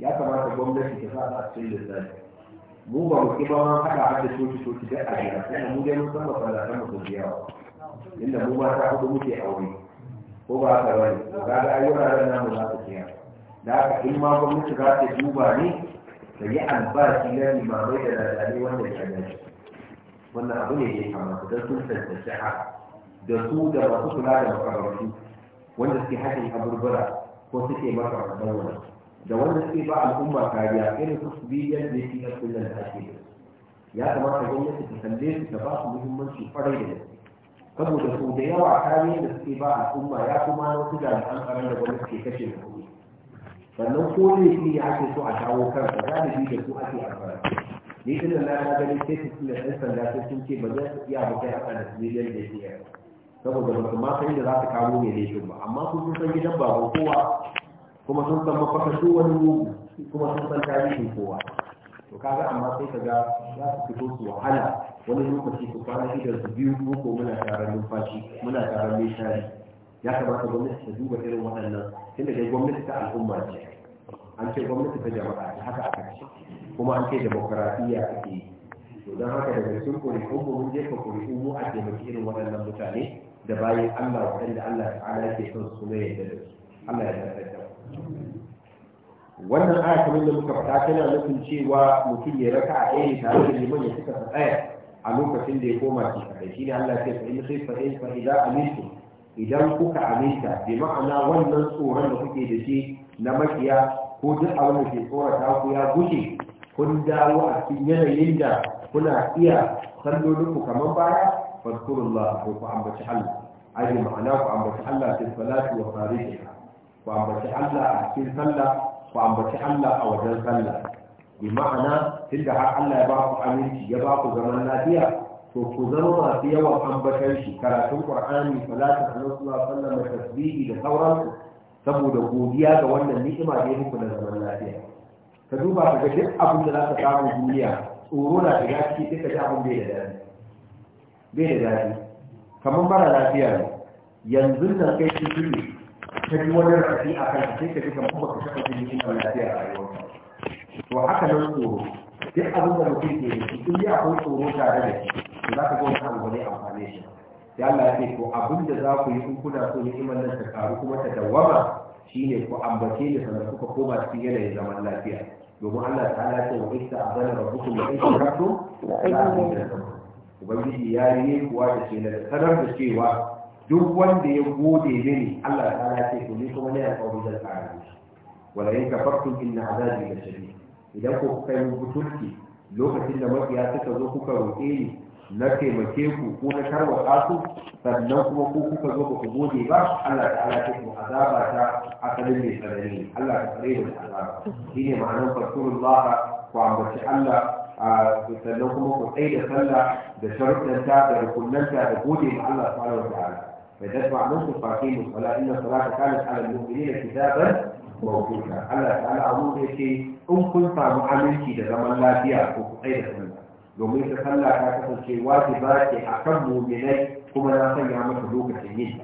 ya kamata gwamnati ta sa a cikin lissafi mu ba mu ki ba ma haɗa har da coci coci da a gida kuma mu dai mun san masallatan mu sun yawa inda mu ba ta hudu muke aure ko ba haka bari ga ga ayyuka da namu za su kiyaye da haka in ma gwamnati za ta duba ne Ka yi albashi na limamai da lalari wanda ya gaji wannan abu ne da ya kamata don sun tantance da su da masu kula da makarantu wanda suke haɗin kaburbura ko suke makarantar wani da wanda suke ba al'umma kariya irin su su biyan da shi a kullum da ake ya kamata gwamnati ta kalle su ta ba su muhimmanci farai da gaske saboda su da yawa kariyar da suke ba al'umma ya kuma wasu jami'an tsaron da gwamnati ke kashe da kuɗi sannan ko ne shi ya ake so a shawo kansa za da su ake amfani ni ina na ta gani sai su da ɗan sanda sai sun ce ba za su iya ba kai haka da su miliyan da shi yau saboda ba su ma san da za su kawo ne laifin ba amma su sun san gidan babu kowa kuma sun san mafaka su wani mugu kuma sun san tarihin kowa to kaga amma sai ka ga za su fito su wahala wani lokaci su kwana idan su biyu ko muna taron numfashi muna taron mai shari ya kamata gwamnati ta duba irin waɗannan tunda dai gwamnati ta al'umma ce an ce gwamnati ta jama'a ta haka aka ce kuma an ce demokaradiyya ake yi to don haka daga cikin ƙuri'un mu mun jefa ƙuri'un mu a taimaki irin waɗannan mutane da bayan Allah waɗanda Allah ta'ala yake son su ne yadda da su Allah ya tabbata wannan aya kamar da muka faɗa tana nufin cewa mutum ya raka a ɗaya tare da liman ya suka tsaya a lokacin da ya koma shi kaɗai shine Allah ya ce fa in sai fa in fa idza amintum idan kuka aminta bi ma'ana wannan tsoron da kuke da shi na makiya ko duk abin da ke tsorata ku ya gushe kun dawo a cikin yanayin da kuna iya sallolinku kamar baya fadkurullah ko ku ambaci Allah aji ma'ana ku ambaci Allah fi salati wa fariha ku ambaci Allah a cikin sallah ku ambaci Allah a wajen sallah bi ma'ana tunda har Allah ya ba ku aminci ya ba ku zaman lafiya to ku zama masu yawan ambatan shi karatun ƙwar'ani salatu rasulullahi sallallahu alaihi tasbihi da sauransu saboda godiya ga wannan ni'ima da ya muku da zaman lafiya ka duba ka ga duk abin da za ka samu duniya tsoro na shiga ciki duka shi abin bai da dadi bai da dadi kamar mara lafiya ne yanzu nan kai shi shiri ta ji wani rafi a kan sai ka ji kamar ba ka shi jini ina lafiya a rayuwa to haka nan tsoro duk abin da mutum ke yi duk ya akwai tsoro tare da shi to za ka ga wani abu ne amfane shi sai Allah ya ce ko abin da za ku yi in kuna so ni'imar nan ta karu kuma ta Shi shine ku ambace ni sannan kuka koma cikin yanayin zaman lafiya domin Allah ta ala ce wa isa azana rabbukum la in shakartum la azidannakum ubangiji ya yi kuwa da ce da sanar da cewa duk wanda ya gode mini Allah ta ala ce ni kuma ne alƙawari zan kare shi wala in kafartum inna azabi la shadid idan ku kai mutunci lokacin da mafiya suka zo kuka roƙe ni na taimake ku ko na tarwaka su sannan kuma ko kuka zo ba ku gode ba Allah ta ala ku azaba ta asalin mai tsanani Allah ta tsare da azaba shine ma'anar fasurullah ku ambaci Allah sannan kuma ku tsaye da sallah da sharuɗanta da rukunanta da gode ma Allah subhanahu wa ta'ala fa dadba an ku fati mu sala inna salata kanat ala al-mu'minina kitaban mawquta Allah ta'ala amu da yake in kun samu aminci da zaman lafiya ko ku tsaye da sallah domin ta sallah ta kasance wajiba ce a kan muminai kuma na sanya masa lokacin yin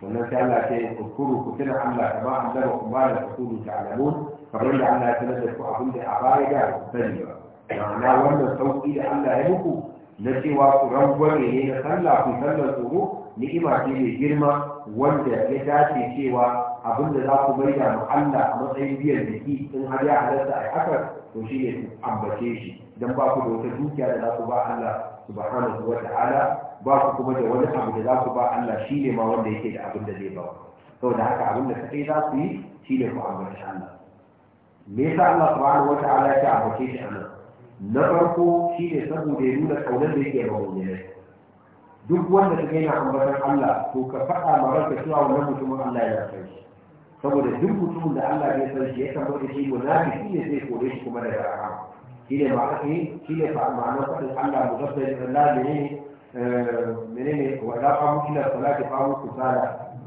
wannan sai Allah ce kuskuru ku tuna Allah kama an dara ku ba da kuskuru ta alamun kamar da Allah ya sanar da ku abin da a baya da ku sani ba ma'ana wannan sauki da Allah ya muku na cewa ku rangwame ne na sallah ku sallar tsoro ni'ima ce mai girma wanda ya dace cewa abin da za ku maida da Allah a matsayin biyan jiki in har ya halarta a haka to shi ne ambace shi Don ba ku da wata dukiya da za ku ba Allah subhanahu wa ta'ala ba ku kuma da wani abu da za ku ba Allah shi ne ma wanda yake da abin da zai ba da haka abin da kai za ku yi shi ne ku ambace Allah me yasa Allah subhanahu wa ta'ala ya ambace shi anan na farko shi ne saboda ya nuna kaunar da yake ba mu'minai duk wanda ka gaina ambatan Allah to ka faɗa ma ranka cewa wannan mutumin Allah ya san shi saboda duk mutumin da Allah ya san shi ya san wani shi munafiki ne zai kore shi kuma daga rahama shine ma kake shine fa ma'ana fadin Allah muzaffir Allah ne menene wa la qamu ila salati qamu kusala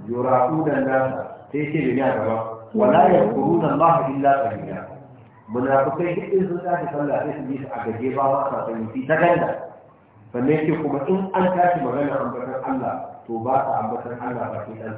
yura'una an-nas sai ce bi ya gaba wa la yaquluna Allah illa qalila munafikai duk in sun tashi sallah sai su yi a gaje ba ma sa san yi ta ganda sannan yake kuma in an tashi magana ambatan Allah to ba ka ambatan Allah ba sai dan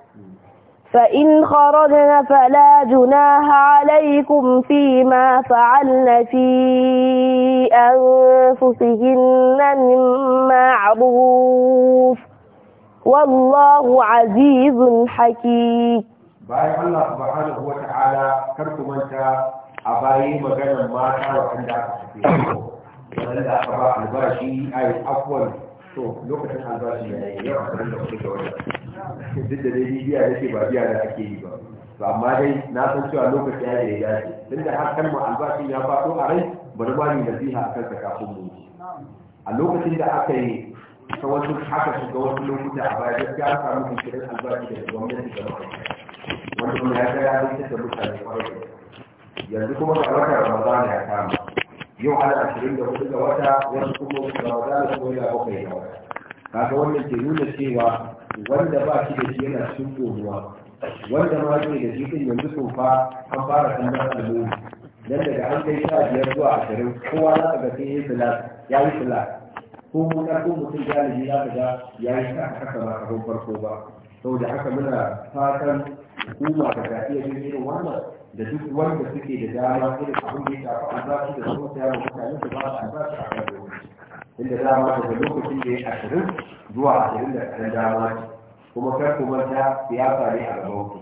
فإن خرجنا فلا جناها عليكم فيما فعلنا في أنفسهن من معروف والله عزيز حكيم بارك الله سبحانه وتعالى كرتم أنت أبائي مجانا ما شاء الله عندك سبحانه وتعالى فلنذا أي أفضل to lokacin albashi ya yi yawa kan da kuke wata duk da dai biya yake ba biya da ake yi ba to amma dai na san cewa lokaci ya yi ya ce tun da har kan kalmar albashi ya faɗo a rai bari ba ni nasiha a kan kafin mu a lokacin da aka yi ta wasu haka shiga wasu lokuta a baya gaskiya an samu kinkirin albashi da gwamnati da wanda kuma ya ga ya rikita mutane kwarai yanzu kuma ga wata ramadana ya kama yau ana ashirin da hudu ga wata wasu kuma da wata da kuma ya bakwai ga wata kaga wannan ke nuna cewa wanda ba shi da shi yana cikin wanda ma zai da shi din yanzu sun fa an fara kallon al'ummi dan daga an kai sha biyar zuwa ashirin kowa za ka ga sai ya yi ya yi fila ko mu ko mutum galibi za ka ga ya yi ta haka ba kafin farko ba saboda haka muna fatan hukuma da ga iya yin irin wannan da duk wanda suke da dama irin abin da ya shafi albashi da kuma sayar da mutane su ba su albashi a kan lokaci inda dama daga lokacin da ya ashirin zuwa ashirin da kaɗan dama kuma kar ku manta siyasa ne a gaban ku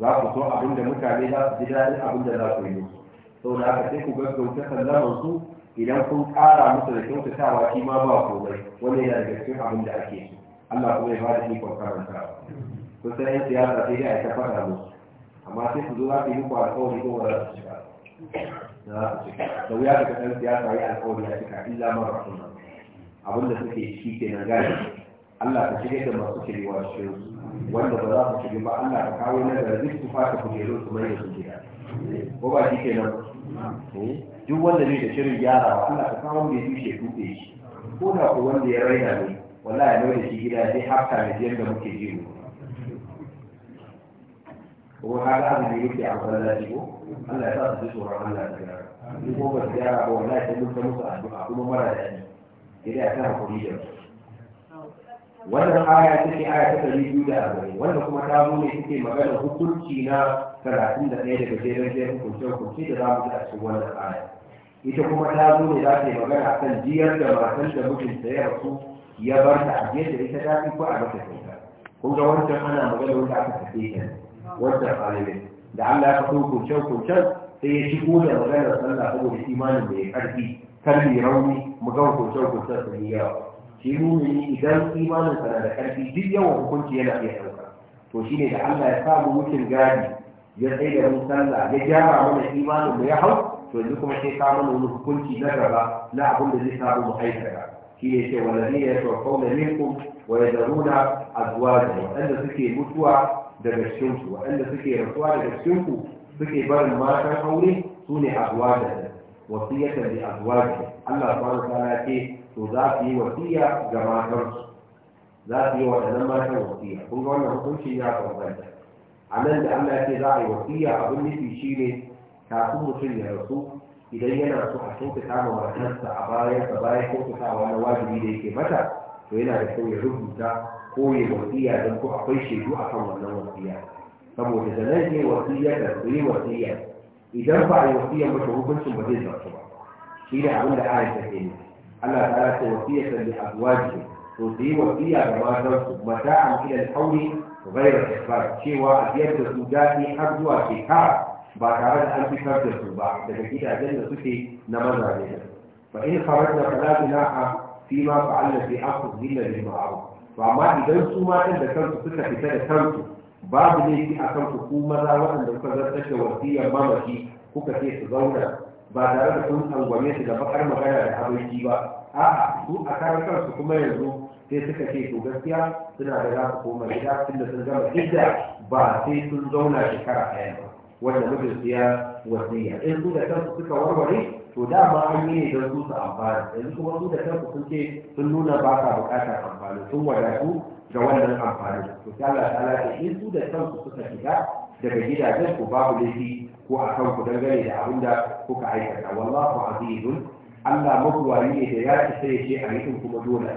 za ku so abin da mutane za su ji daɗin abin da za ku yi saboda haka sai ku gaggauta sallaman su idan kun ƙara musu da kyautatawa shi ma ba komai wani yana daga cikin abin da ake so Allah kuma ya ba da ikon karanta kusan yan siyasa sai dai a ta faɗa musu amma sai ku zo za su yi muku alkawari ko wanda su cika da za su cika da wuya siyasa ya alƙawari ya cika illa mara suna abin da suke shi ke na gani Allah ka cike da masu shirewa shi wanda ba za su shirya ba Allah ka kawo da duk su fata kujerun su mai da su gida ko ba shi ke nan eh? duk wanda ne da shirin wa Allah ka kawo mai dushe dutse shi ko da ku wanda ya raina ne wallahi ya da shi gida sai hafta da jiyar da muke jiru هو هذا أبن يجي عن فلاته الله يسأل بسورة الله تجارة يقوم بالزيارة هو لا يتمنى موسى الدعاء كل مرة يعني إذا أتاه قريبا wannan aya take aya ta ɗari biyu da arba'in wanda kuma ta zo ne take magana hukunci na talatin da ɗaya daga jerin jerin hukunce hukunce da za mu ji a cikin wannan aya ita kuma ta zo ne za ta yi magana a kan jiyar da matan da mijinta ya rasu ya bar ta a gefe ita ta fi ko a mata kyauta kun ga wancan ana magana wanda aka tafi kenan wadda ɗalibai da Allah ya fito kurcen-kurcen sai ya shigo da maganar sallah saboda imanin da ya karfi karfi rauni mu ga kurcen-kurcen su yi yawa shi mumini idan imanin na da karfi duk yawan hukunci yana iya ɗauka to shine da Allah ya samu mutum gadi ya tsaye da mu sallah ya gyara mana imanin mu ya hau to yanzu kuma sai ka mana wani hukunci na gaba na abin da zai samu mu aikata shi ne ce wallahi ya tawaffau da minkum wa yadruna da waɗanda suke mutuwa daga cikinku waɗanda suke rasuwa daga cikinku suke barin matan aure su ne azwaja wasiyatan li azwaji Allah subhanahu wataala ce to za su yi wasiya ga matan su za su yi waɗannan matan wasiya kun ga wannan hukunci ya bambanta a nan da Allah ce za a yi wasiya abin nufi shine kafin mutum ya rasu idan yana so a kyautata ma matarsa a bayan sa bayan kyautatawa na wajibi da yake mata to yana da kyau ya rubuta قوي وقتية دمكو عقيش يجوع أطول من نوع وقتية طب وتزنان دي وقتية تنقلي وقتية إذا رفع الوقتية مشروب بنسو مدينة طبعا كيلة عمل آية تهيني ألا تعالى وقتية تنبي أدواجه وقتية وقتية بمعنى متاعا إلى الحول غير الإخبار شوى أبيض الزوجاتي أبدوا في كار باكارات أنت فرد الزباع لكن إذا أدلنا سوتي عليها فإن خرجنا فلا بناحة فيما فعلنا في أخذ ذلة للمعارض ba ma idan su ma ɗin da kansu suka fita da kansu babu laifi a kansu ku maza waɗanda kuka zartar da wasiyar mamaki kuka ce su zauna ba tare da sun tsangwame su da bakar magana da abinci ba a'a su a kan kansu kuma yanzu sai suka ce to gaskiya suna da za su koma gida da sun gama idda ba sai sun zauna shekara ɗaya ba wanda mijinsu ya wasiya in su da kansu suka warware to dama an yi ne don su su amfana yanzu kuma su da kanku sun ce sun nuna ba sa bukatar amfani sun wadatu ga wannan amfani to sai Allah ta ta in su da kanku suka shiga daga gidajen ku babu laifi ko a kan ku dangane da abin da kuka aikata wallahu azizun Allah mabuwayi ne da ya ci sai ce a yakin kuma dole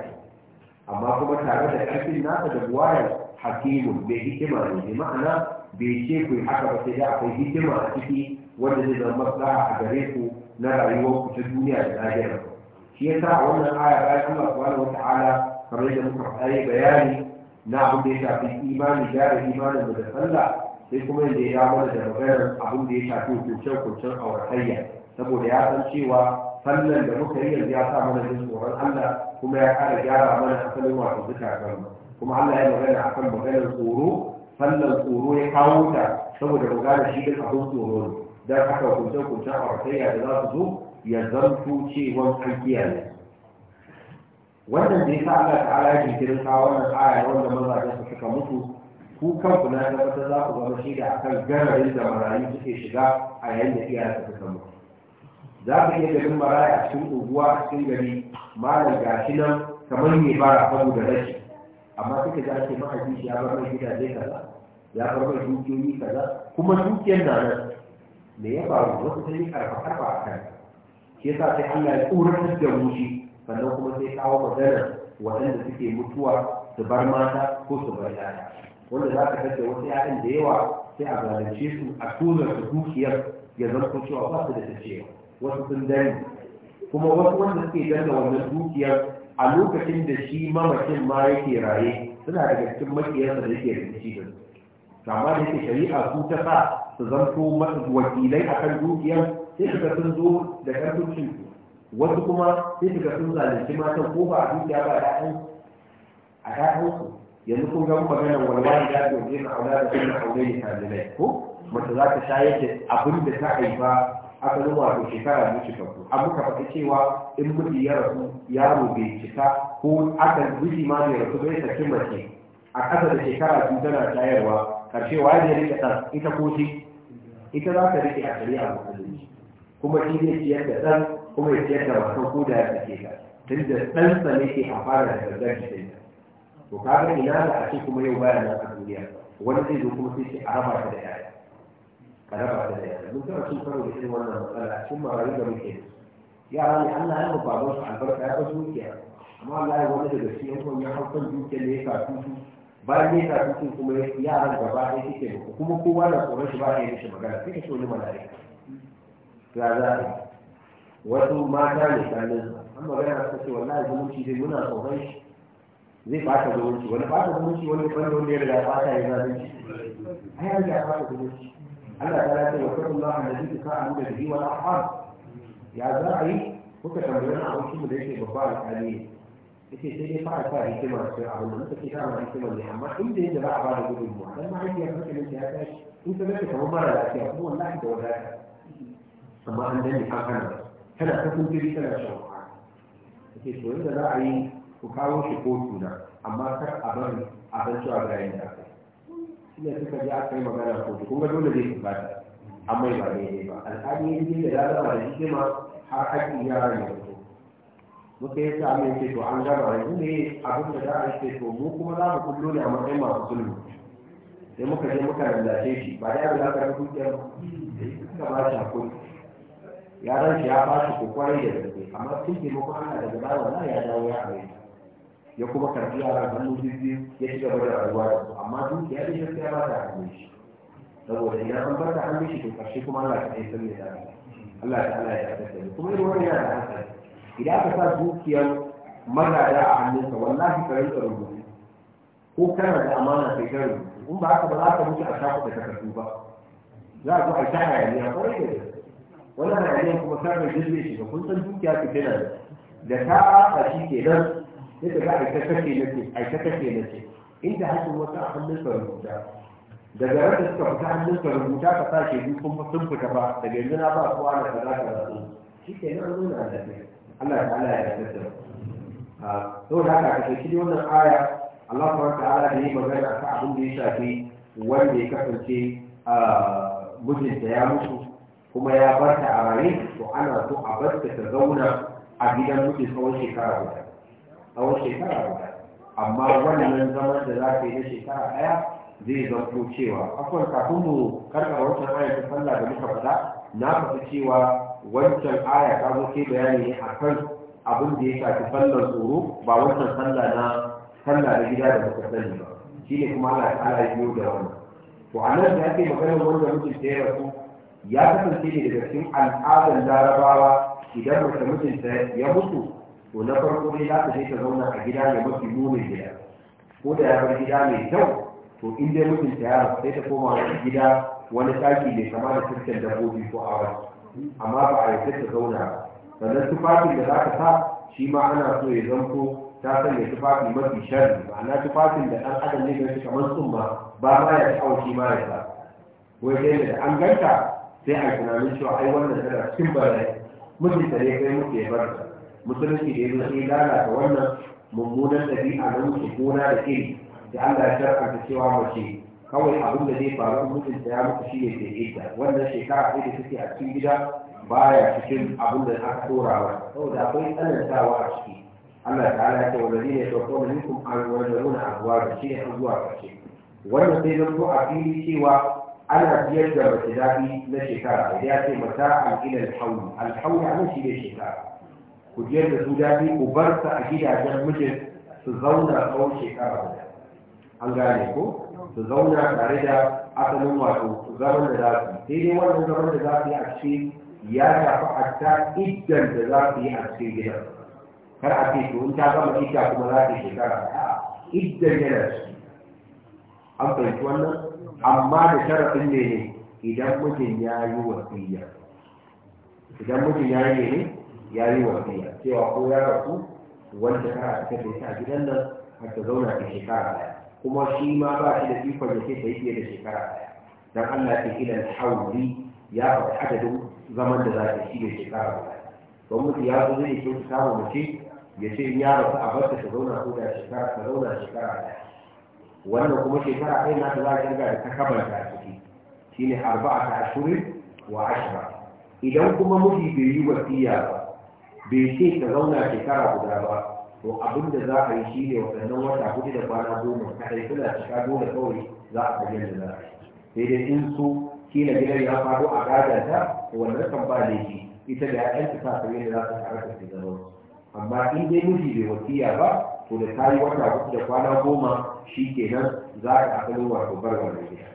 amma kuma tare da ƙarfin nasa da buwayar hakimun bai hikima ne ma'ana bai ce ku haka ba sai da akwai hikima a ciki wanda zai zama maslaha a gare ku na rayuwar ku ta duniya da lahira shi yasa a wannan aya bayan Allah subhanahu wata'ala kamar yadda muka faɗa bayani na abin da ya shafi imani gyara imanin da sallah sai kuma yadda ya mana da maganar abin da ya shafi hukuncen hukuncen auratayya saboda ya san cewa sallan da muka yi yanzu ya sa mana jin tsoron Allah kuma ya ƙara gyara mana asalin wato zukatan kuma Allah ya magana akan maganar tsoro sallan tsoro ya kawo ta saboda magana shi duk abin tsoro ne don haka hukunce-hukuncen auratayya da za su zo ya zanto cewa an ne. wannan da yasa Allah ta'ala ya jinkirin kawo wannan aya wanda mazajen su suka mutu ku kanku na tabbatar za ku zama da akan gararin da marayu suke shiga a yayin da iyayen suka mutu za ka iya ganin maraya a cikin unguwa a cikin gari malam shi nan kamar mai bara da rashi amma suka ji ake mahaifi shi ya bar mai gidaje kaza ya bar mai dukiyoyi kaza kuma dukiyar na nan da ya faru wasu sun karfa karfa a kan shi yasa sai Allah ya tsoratar da wuce, sannan kuma sai kawo maganar waɗanda suke mutuwa su bar mata ko su bar yaya wanda za ka kace wasu yayan da yawa sai a zalunce su a tona su dukiyar ya zarto cewa ba su da ta wasu sun dani kuma wasu wanda suke danna wannan dukiyar a lokacin da shi mamacin ma yake raye suna daga cikin makiyarsa da yake rikici da su amma da yake shari'a su ta sa su zanto wakilai a kan dukiyar sai suka sun zo da ƙarfin cin wasu kuma sai suka sun zalunci matan ko ba a dukiya ba a ɗayan a yanzu kun ga maganar walwali da ke wajen aula da kuma aure ne kamilai ko mace za ta shayar da abin da ta haifa asalin wato shekara biyu cikakku an muka faɗi cewa in miji ya rasu yaro bai cika ko aka miji ma bai rasu bai saki mace a ƙasa da shekara biyu tana shayarwa karshe waye ne ya rika ita ko shi ita za ka rike a shari'a musulunci kuma shi zai ciyar da ɗan kuma ya ciyar da wasan ko da ya ke ka tun da ɗansa ne ke a fara da zargar shi ɗin to ka ga ina da a ce kuma yau baya nan a duniya wani zai zo kuma sai ce a raba ta da yaya ka raba ta da yaya mun taɓa cin karo da irin wannan matsala a cikin marayu da muke yara ne Allah ya ba babansu albarka ya ba dukiya amma Allah ya wani daga cikin yan ya hau kan dukiya ne ya kasu bayan ne ta sun kuma yaran gaba ɗaya suke muku kuma kowa na tsoron shi ba a yi shi magana sai so ne wani ya za a wasu mata ne tsanin an magana ta ce wallahi zumunci zai muna tsoron shi zai fata zumunci wani fata zumunci wani banda wanda ya fata ya zalunci ai an ya zumunci Allah ta wa Allah ya za a yi kuka tambayi na abokin mu da yake babba a tsari yake sai dai fara sa hikima a cikin abin da muka ce dama hikima ne amma inda yadda za a ba da gudun mu dan ma hanyar hankalin ya tashi in ka zaka kamar mara lafiya kuma wallahi da wadata amma an danne ka kana kana ta kuntiri kana shan wahala yake to yadda za a yi ku kawo shi kotu na amma kar a bari a san cewa ga yayin da aka yi ina suka ji aka yi magana kotu kun ga dole zai ku bata amma ba daidai ba alƙali ya yi da ya zama da hikima har haƙƙin yara ne kuka ya sa mai ce to an gaba yanzu ne abin da za a ce to mu kuma za mu kullo ne a matsayin masu sulhu sai muka je muka lalace shi ba da yaro za ka rubu kyan suka ba shi hakuri yaron shi ya ba ko kwarai da gaske amma sun ke muku ana daga baya wala ya dawo ya aure ya kuma karbi yaran hannu biyu ya ci gaba da rayuwa da su amma dukiya ne ya ba ta hannu shi saboda idan an bar ta shi to karshe kuma Allah ta yi sanya da Allah ta Allah ya ta kuma irin wannan yana da hankali idan aka sa dukiyar mazaya a hannunsa wallahi ka rinka rubutu ko kana da amana sai ka rubutu in ba haka ba za ka mutu a shafa da takardu ba za a zo a sha hayaniya kwarai da gaske wannan hayaniya kuma sarrafa jirgin shi ga kun san dukiya ta tana da ta a shi ke nan sai ka ga aikatake na ce aikatake na ce inda hakin wasu a hannunsa rubuta daga ranta suka fita hannunsa rubuta ka sa ke dukkan sun fita ba daga yanzu na ba su ana kaza kaza shi ke nan nuna da ne Allah ya Allah ya yarda da to ah, haka kake cikin wannan aya Allah ta ta'ala da yi magana ta abin da ya shafi wanda ya kasance ah, mijinta ya mutu kuma ya bar ta a raye to ana so a bar ta zauna a gidan miji tsawon shekara guda tsawon shekara guda amma wannan zaman da za ta yi na shekara ɗaya zai zanto cewa akwai kafin mu karɓar wancan ayar sallah da muka faɗa na faɗi cewa wancan aya ta zo ke bayani ne a kan abin da ya shafi sallar tsoro ba wancan sallah na sallah da gida da muka sani ba shi ne kuma Allah ala ya biyo da wannan to a nan da ake maganar wanda mutum ta ya rasu ya kasance ne daga cikin al'adar larabawa idan mace mijinta ya mutu to na farko dai za ta je ta zauna a gida mai mafi nunin gida ko da ya bar gida mai kyau to in dai mijinta ya rasu sai ta koma wani gida wani taki mai kama da tusken dabbobi ko awaki amma ba a yadda ta zauna ba, sannan tufafin da za ka sa shi ma ana so ya zanko ta sanya tufafi mafi shari ma'ana tufafin da ɗan adam ne ga shi kamar sun ba ma ya sha'awar shi ma ya sa wai dai da an ganta sai a tunanin cewa ai wannan tana cikin bala'i mijinta ne kai muke ya barka musulunci da ya zo sai lalata wannan mummunan ɗabi'a na wuce gona da iri da Allah ya shar'anta cewa mace kawai abin da zai faru mutum da ya mutu shi ne ke ita wannan shekara ɗaya da take a cikin gida baya cikin abin da aka dora wa saboda akwai tsanantawa a ciki Allah ta'ala ya ce wa ladina yatawaffawna minkum an azwa da shi ne zuwa ƙarshe wannan sai zanto a fili cewa ana biyar da mace daɗi na shekara da ya ce mata al'ila alhauli alhauli ana shi ne shekara ku biyar da su daɗi ku bar sa a gidajen mijin su zauna tsawon shekara guda an gane ko su zauna tare da asalin wato zaman da za su yi sai dai wannan zaman da za su yi a cikin ya shafi hatta iddan da za su yi a cikin gidan kar a ce to in ta gama idda kuma za ta shekara a iddan yana ciki an fahimci wannan amma da sharafin ne ne idan mijin ya yi wasiya idan mijin ya yi ne ya yi wasiya cewa ko ya rasu wanda kar a cikin da ita a gidan nan har ta zauna ta shekara ɗaya kuma shi ma ba shi da ikon da sai fiye da shekara dan Allah ke ilan hauli ya faɗi adadin zaman da za ta shi da shekara guda don mutu ya zo zai kyautu samu mace ya ce ya rasu a barta ta zauna ko da shekara ta zauna shekara ɗaya wannan kuma shekara ɗaya na ta za a kirga da ta kabanta a ciki shine arba'a ta ashirin wa ashira idan kuma mutu bai yi wasiya ba bai ce ta zauna shekara guda ba to abin da za a yi shi ne waɗannan wata hudu da kwana goma kula da cika goma kawai za a ga yadda za a yi sai dai in su kila gidan ya faru a gada ta wannan kan ba laifi ita da ya'yan ta sa da za su tare da zama amma in dai miji bai wasiya ba to da ta wata hudu da kwana goma shi kenan za a asalin wato bar wannan gida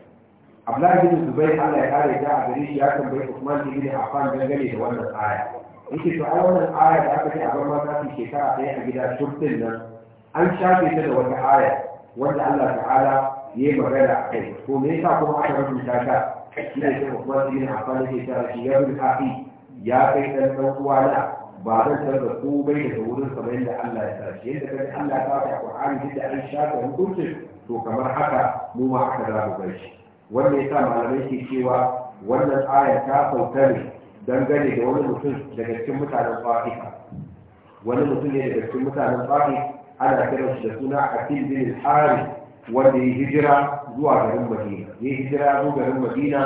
Abdullahi bin Zubair Allah ya kare ta a gare shi ya tambayi Usman ibn Affan dangane da wannan aya yake to ai wannan aya da aka ce a bar mata su shekara ɗaya a gida turtin nan an shafe ta da wata aya wanda Allah ta'ala ya yi magana a kai ko me yasa kuma aka rubuta ta shi ne sai kuma su yi amfani da ita shi ya rubuta ai ya kai ɗan ɗan uwana ba zan san da komai daga wurin sa bayan da Allah ya tashi yadda kai Allah ya tashi a Qur'ani duk da an shafe hukuncin to kamar haka mu ma aka za mu bar shi wanda yasa malamai ke cewa wannan aya ta sauka ne dangane da wani mutum daga cikin mutanen wani mutum ne daga cikin mutanen fa'i ana kiran shi da suna akil bin al-hari wanda ya hijira zuwa garin madina ya hijira zuwa garin madina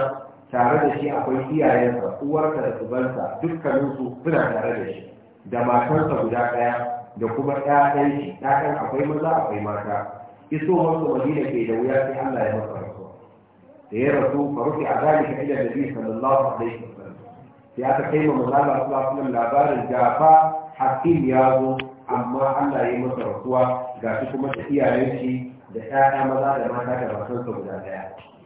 tare da shi akwai iyayensa uwarsa da ubansa dukkaninsu suna tare da shi da matarsa guda ɗaya da kuma ƴaƴan shi ƴaƴan akwai maza akwai mata isowarsu madina ke da wuya sai Allah ya masa rasuwa da ya rasu faruki a zalika ila nabi sallallahu alaihi sai aka kai ma manzo Allah sallallahu alaihi labarin Jafa Hakim ya zo amma Allah ya masa rasuwa ga shi kuma ta iyayen shi da ƴaƴa maza da mata da matansa guda ɗaya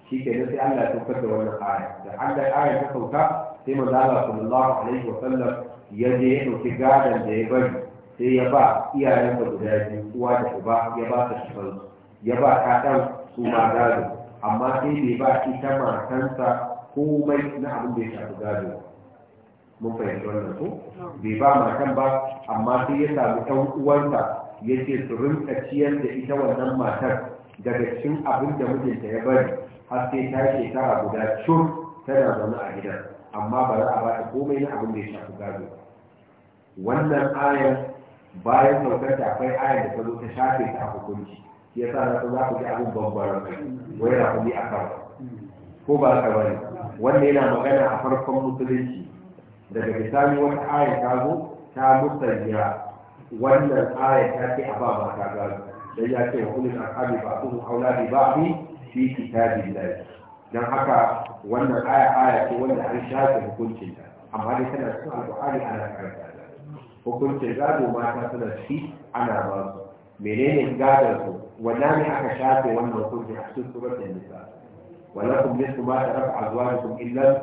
shi ke sai Allah ya saukar da wannan aya da Allah aya ta sauka sai manzo Allah sallallahu alaihi wa sallam ya je ya ɗauki gadon da ya bari sai ya ba iyayensa guda biyu uwa da uba ya ba ta shi ya ba ɗan su ma gado amma sai bai ba ita matansa komai na abin da ya shafi gado mun fahimci wannan ko bai ba matan ba amma sai ya samu ɗan uwansa ya ce su rinka ciyar da ita wannan matar daga cikin abin da mijinta ya bari har sai ta shekara guda cur tana zaune a gidan amma ba a ba ta komai na abin da ya shafi gado wannan ayar bayan saukar ta akwai ayar da ta zo ta shafe ta a hukunci ya sa na za ku ji abin bambaran kai wai na kuma a ko ba ka bari wannan yana magana a farkon musulunci daga bisani wata aya ta zo ta musanya wannan aya ta ce a ba mata gado dan ya ce wa ulul ba ba'dhum aula bi ba'd fi kitabillah dan haka wannan aya aya ce wanda an shafe hukuncin ta amma dai tana cikin alqur'ani ana karanta ta hukuncin gado mata suna shi ana ba su menene gadon su wannan aka shafe wannan hukuncin a cikin suratul nisa ولكم نصف ما ترك أزواجكم إن لم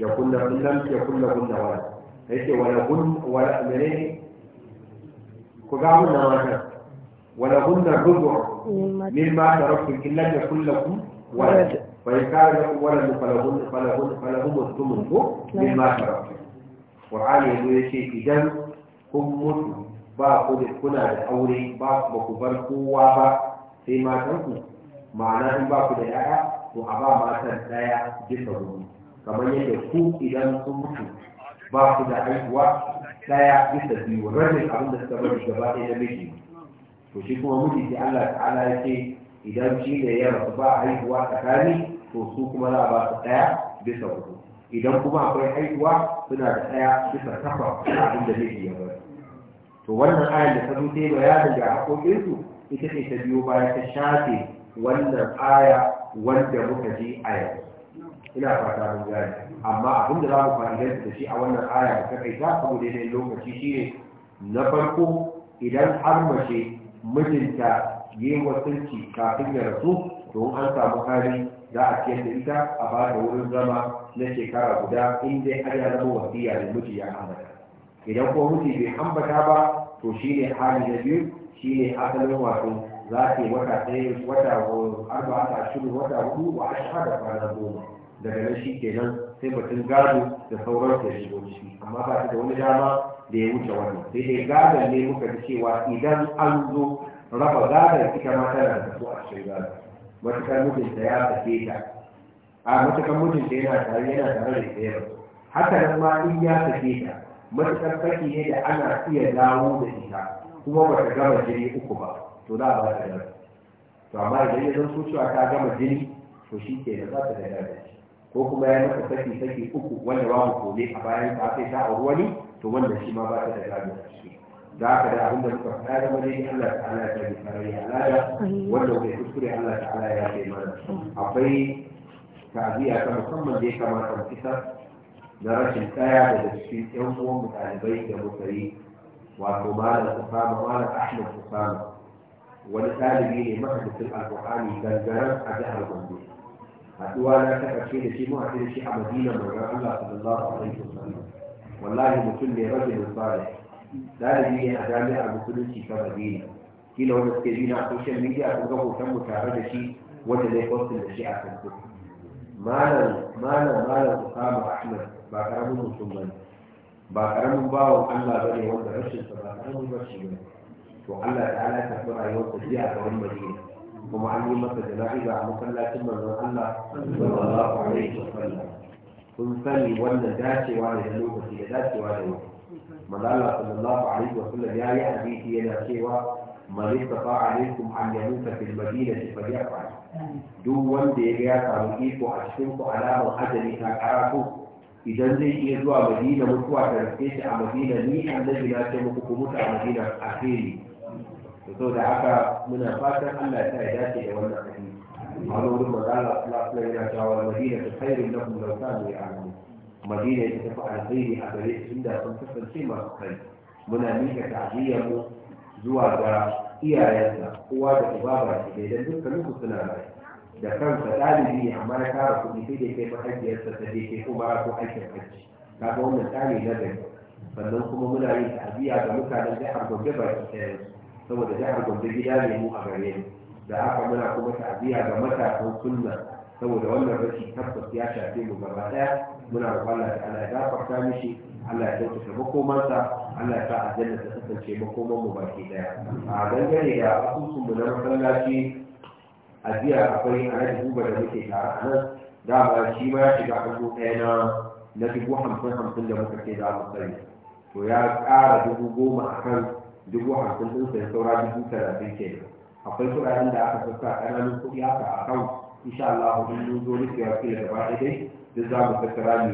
يكن لكم لم يكن لكم ولد هيك ولهن ولا منين كبعون نوانا ولهن الربع مما تركتم إن لم يكن لكم ولد فإن كان لكم ولد فلهن فلهن فلهم الثمن مما تركتم قرآن يقول شيء إذا كن مت ba ku da kuna da aure ba ku bar kowa ba to a ba matan ɗaya bisa hudu kamar yadda ku idan sun mutu ba ku da haihuwa ɗaya bisa biyu rabin abin da suka bari gaba ɗaya da miji to shi kuma miji sai Allah ta'ala ya ce idan shi ne ya rasu ba haihuwa tsakani to su kuma za a ba su ɗaya bisa hudu idan kuma akwai haihuwa suna da ɗaya bisa takwas abin da miji ya bari to wannan ayar da ta zo yi bayanin da haƙoƙinsu ita ce ta biyo baya ta shafe wannan aya wanda muka ji a ina fata mun gane amma abin da za mu fa'idanta da shi a wannan aya da ta kai ta saboda daidai lokaci shi ne na farko idan har mace mijinta yi wasanci kafin ya rasu to an samu kari za a ciyar da ita a ba da wurin zama na shekara guda in dai har zama wasiya da miji ya ambata idan kuma miji bai ambata ba to shi ne hali na biyu ne asalin wato za ka yi wata ɗaya wata arba ta shiru wata hudu wa ashha da kwana goma daga nan shi kenan sai batun gado da sauran ta shigo ciki amma ba ta da wani dama da ya wuce wannan sai dai gadon ne muka ji cewa idan an zo raba gadon ita ma tana da kaso a cikin gadon matuƙar mutunta ya sake ta a matuƙar mutunta yana tare yana tare da ita haka nan ma in ya sake ta matuƙar saki ne da ana iya dawo da ita kuma ba ta gama jini uku ba to da a ba ta dara to amma idan ya zan cewa ta gama jini to shi ke da za ta da dara ko kuma ya masa saki saki uku wanda babu kome a bayan ta sai ta auri wani to wanda shi ma ba ta da dara da haka da abin da suka faɗa da wani Allah ta'ala ya tabi sarari alada wanda bai kuskure Allah ta'ala ya ce mana akwai ta'aziyya ta musamman da ya kamata mu isa rashin tsaya daga cikin ƴan uwan mu ɗalibai da muka wato malam Usama malam Ahmad wani ɗalibi ne mahaifin alƙur'ani gangaren a jihar Gombe haɗuwa na ta ƙarshe da shi muka da shi a Madina manzon Allah sallallahu alaihi wasallam wallahi mutum ne da salih ɗalibi ne a jami'ar musulunci ta Madina kila wanda suke bi na social media sun ga hoton mu tare da shi wanda zai postin da shi a Facebook malam malam malam Usama Ahmad ba karamin mutum bane ba karamin bawon Allah bane wanda rashin sa ba karamin bashi ne. to Allah ta'ala ta fi rayuwar sa a garin Madina kuma an yi masa jana'iza a masallacin manzon Allah sallallahu alaihi wasallam kun sani wannan dacewa ne da lokaci da dacewa da wani manzon Allah sallallahu alaihi wasallam ya yi hadisi yana cewa man istata'a minkum an yamuta fil madinati falyaf'al duk wanda ya ya samu iko a cikin ku alamar ajali ta karatu idan zai iya zuwa madina mutuwa ta rike shi a madina ni annabi na ce muku ku mutu a madina a fili to da haka muna fatan Allah ya sa ya dace da wannan hadisi wani wurin magana Allah sallallahu alaihi wasallam wal madina khairun lakum law kanu ya'lamun madina ita tafi alkhairi a gare su inda sun kasance masu kai muna mika ta'ziyyar mu zuwa ga iyayensa kowa da uba ba shi dai dan dukkanin ku suna rai da kansa ɗalibi ne amma ya kara kuɗi sai da kai mahaifiyarsa ta je kai kuma ko aikin hajji kaga wannan tsari na gari sannan kuma muna yin ta'aziyya ga mutanen jihar Gombe baki ɗayansu saboda jihar gombe gida ne mu a gare mu da haka muna kuma ta'aziyya ga matasan sunna saboda wannan rashi tabbas ya shafe mu gaba daya muna roƙon Allah ta ta'ala ya gafarta mishi Allah ya kyautata makomansa Allah ya sa aljanna ta kasance makoman mu baki daya a dangane da asusun mu na masallaci a jiya akwai alhaji duba da muke tare a nan dama shi ma ya shiga hannu ɗaya na na dubu hamsin hamsin da muka ce za mu sani to ya ƙara dubu goma a kan dubu hamsin ɗin sai saura dubu talatin ke akwai kuɗaɗen da aka saka ƙananan kuɗi aka a kan insha Allah in mun zo nufi da ba'a duk za mu tattara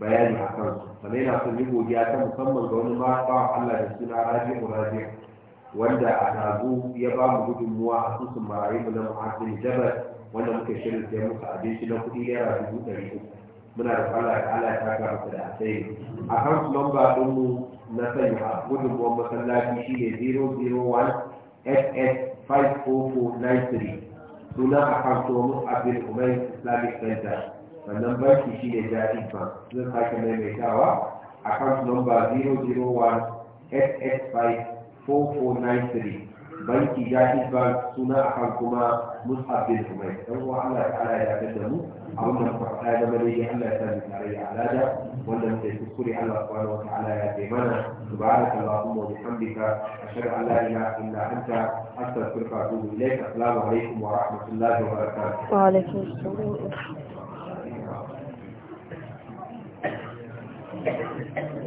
bayani a kan su sannan yana son yi godiya ta musamman ga wani mawa Allah da suna Rabi'u Rabi'u wanda a nazu ya ba mu gudunmuwa a susun marayu na muhassin jabal wanda muka shirin da musu abinci na kuɗi naira dubu ɗari uku muna da Allah ta Allah ta kama da asai a kan su lamba ɗinmu na sanya gudunmuwan masallaci shi ne 001 ss 54493 suna a kan abin umar islamic center sannan banki shi ne jari bank zan sake maimaitawa account number 001 ss 54493 بيت جاهز فصنع خلقما مصحف بن حميد فهو على تعالى لا تدم او ان القران من يجي الا ثابت علي علاجا ولم تذكر على سبحانه وتعالى يا تيمانا سبحانك اللهم وبحمدك اشهد ان لا اله الا انت استغفرك واتوب اليك السلام عليكم ورحمه الله وبركاته. وعليكم السلام ورحمه الله وبركاته.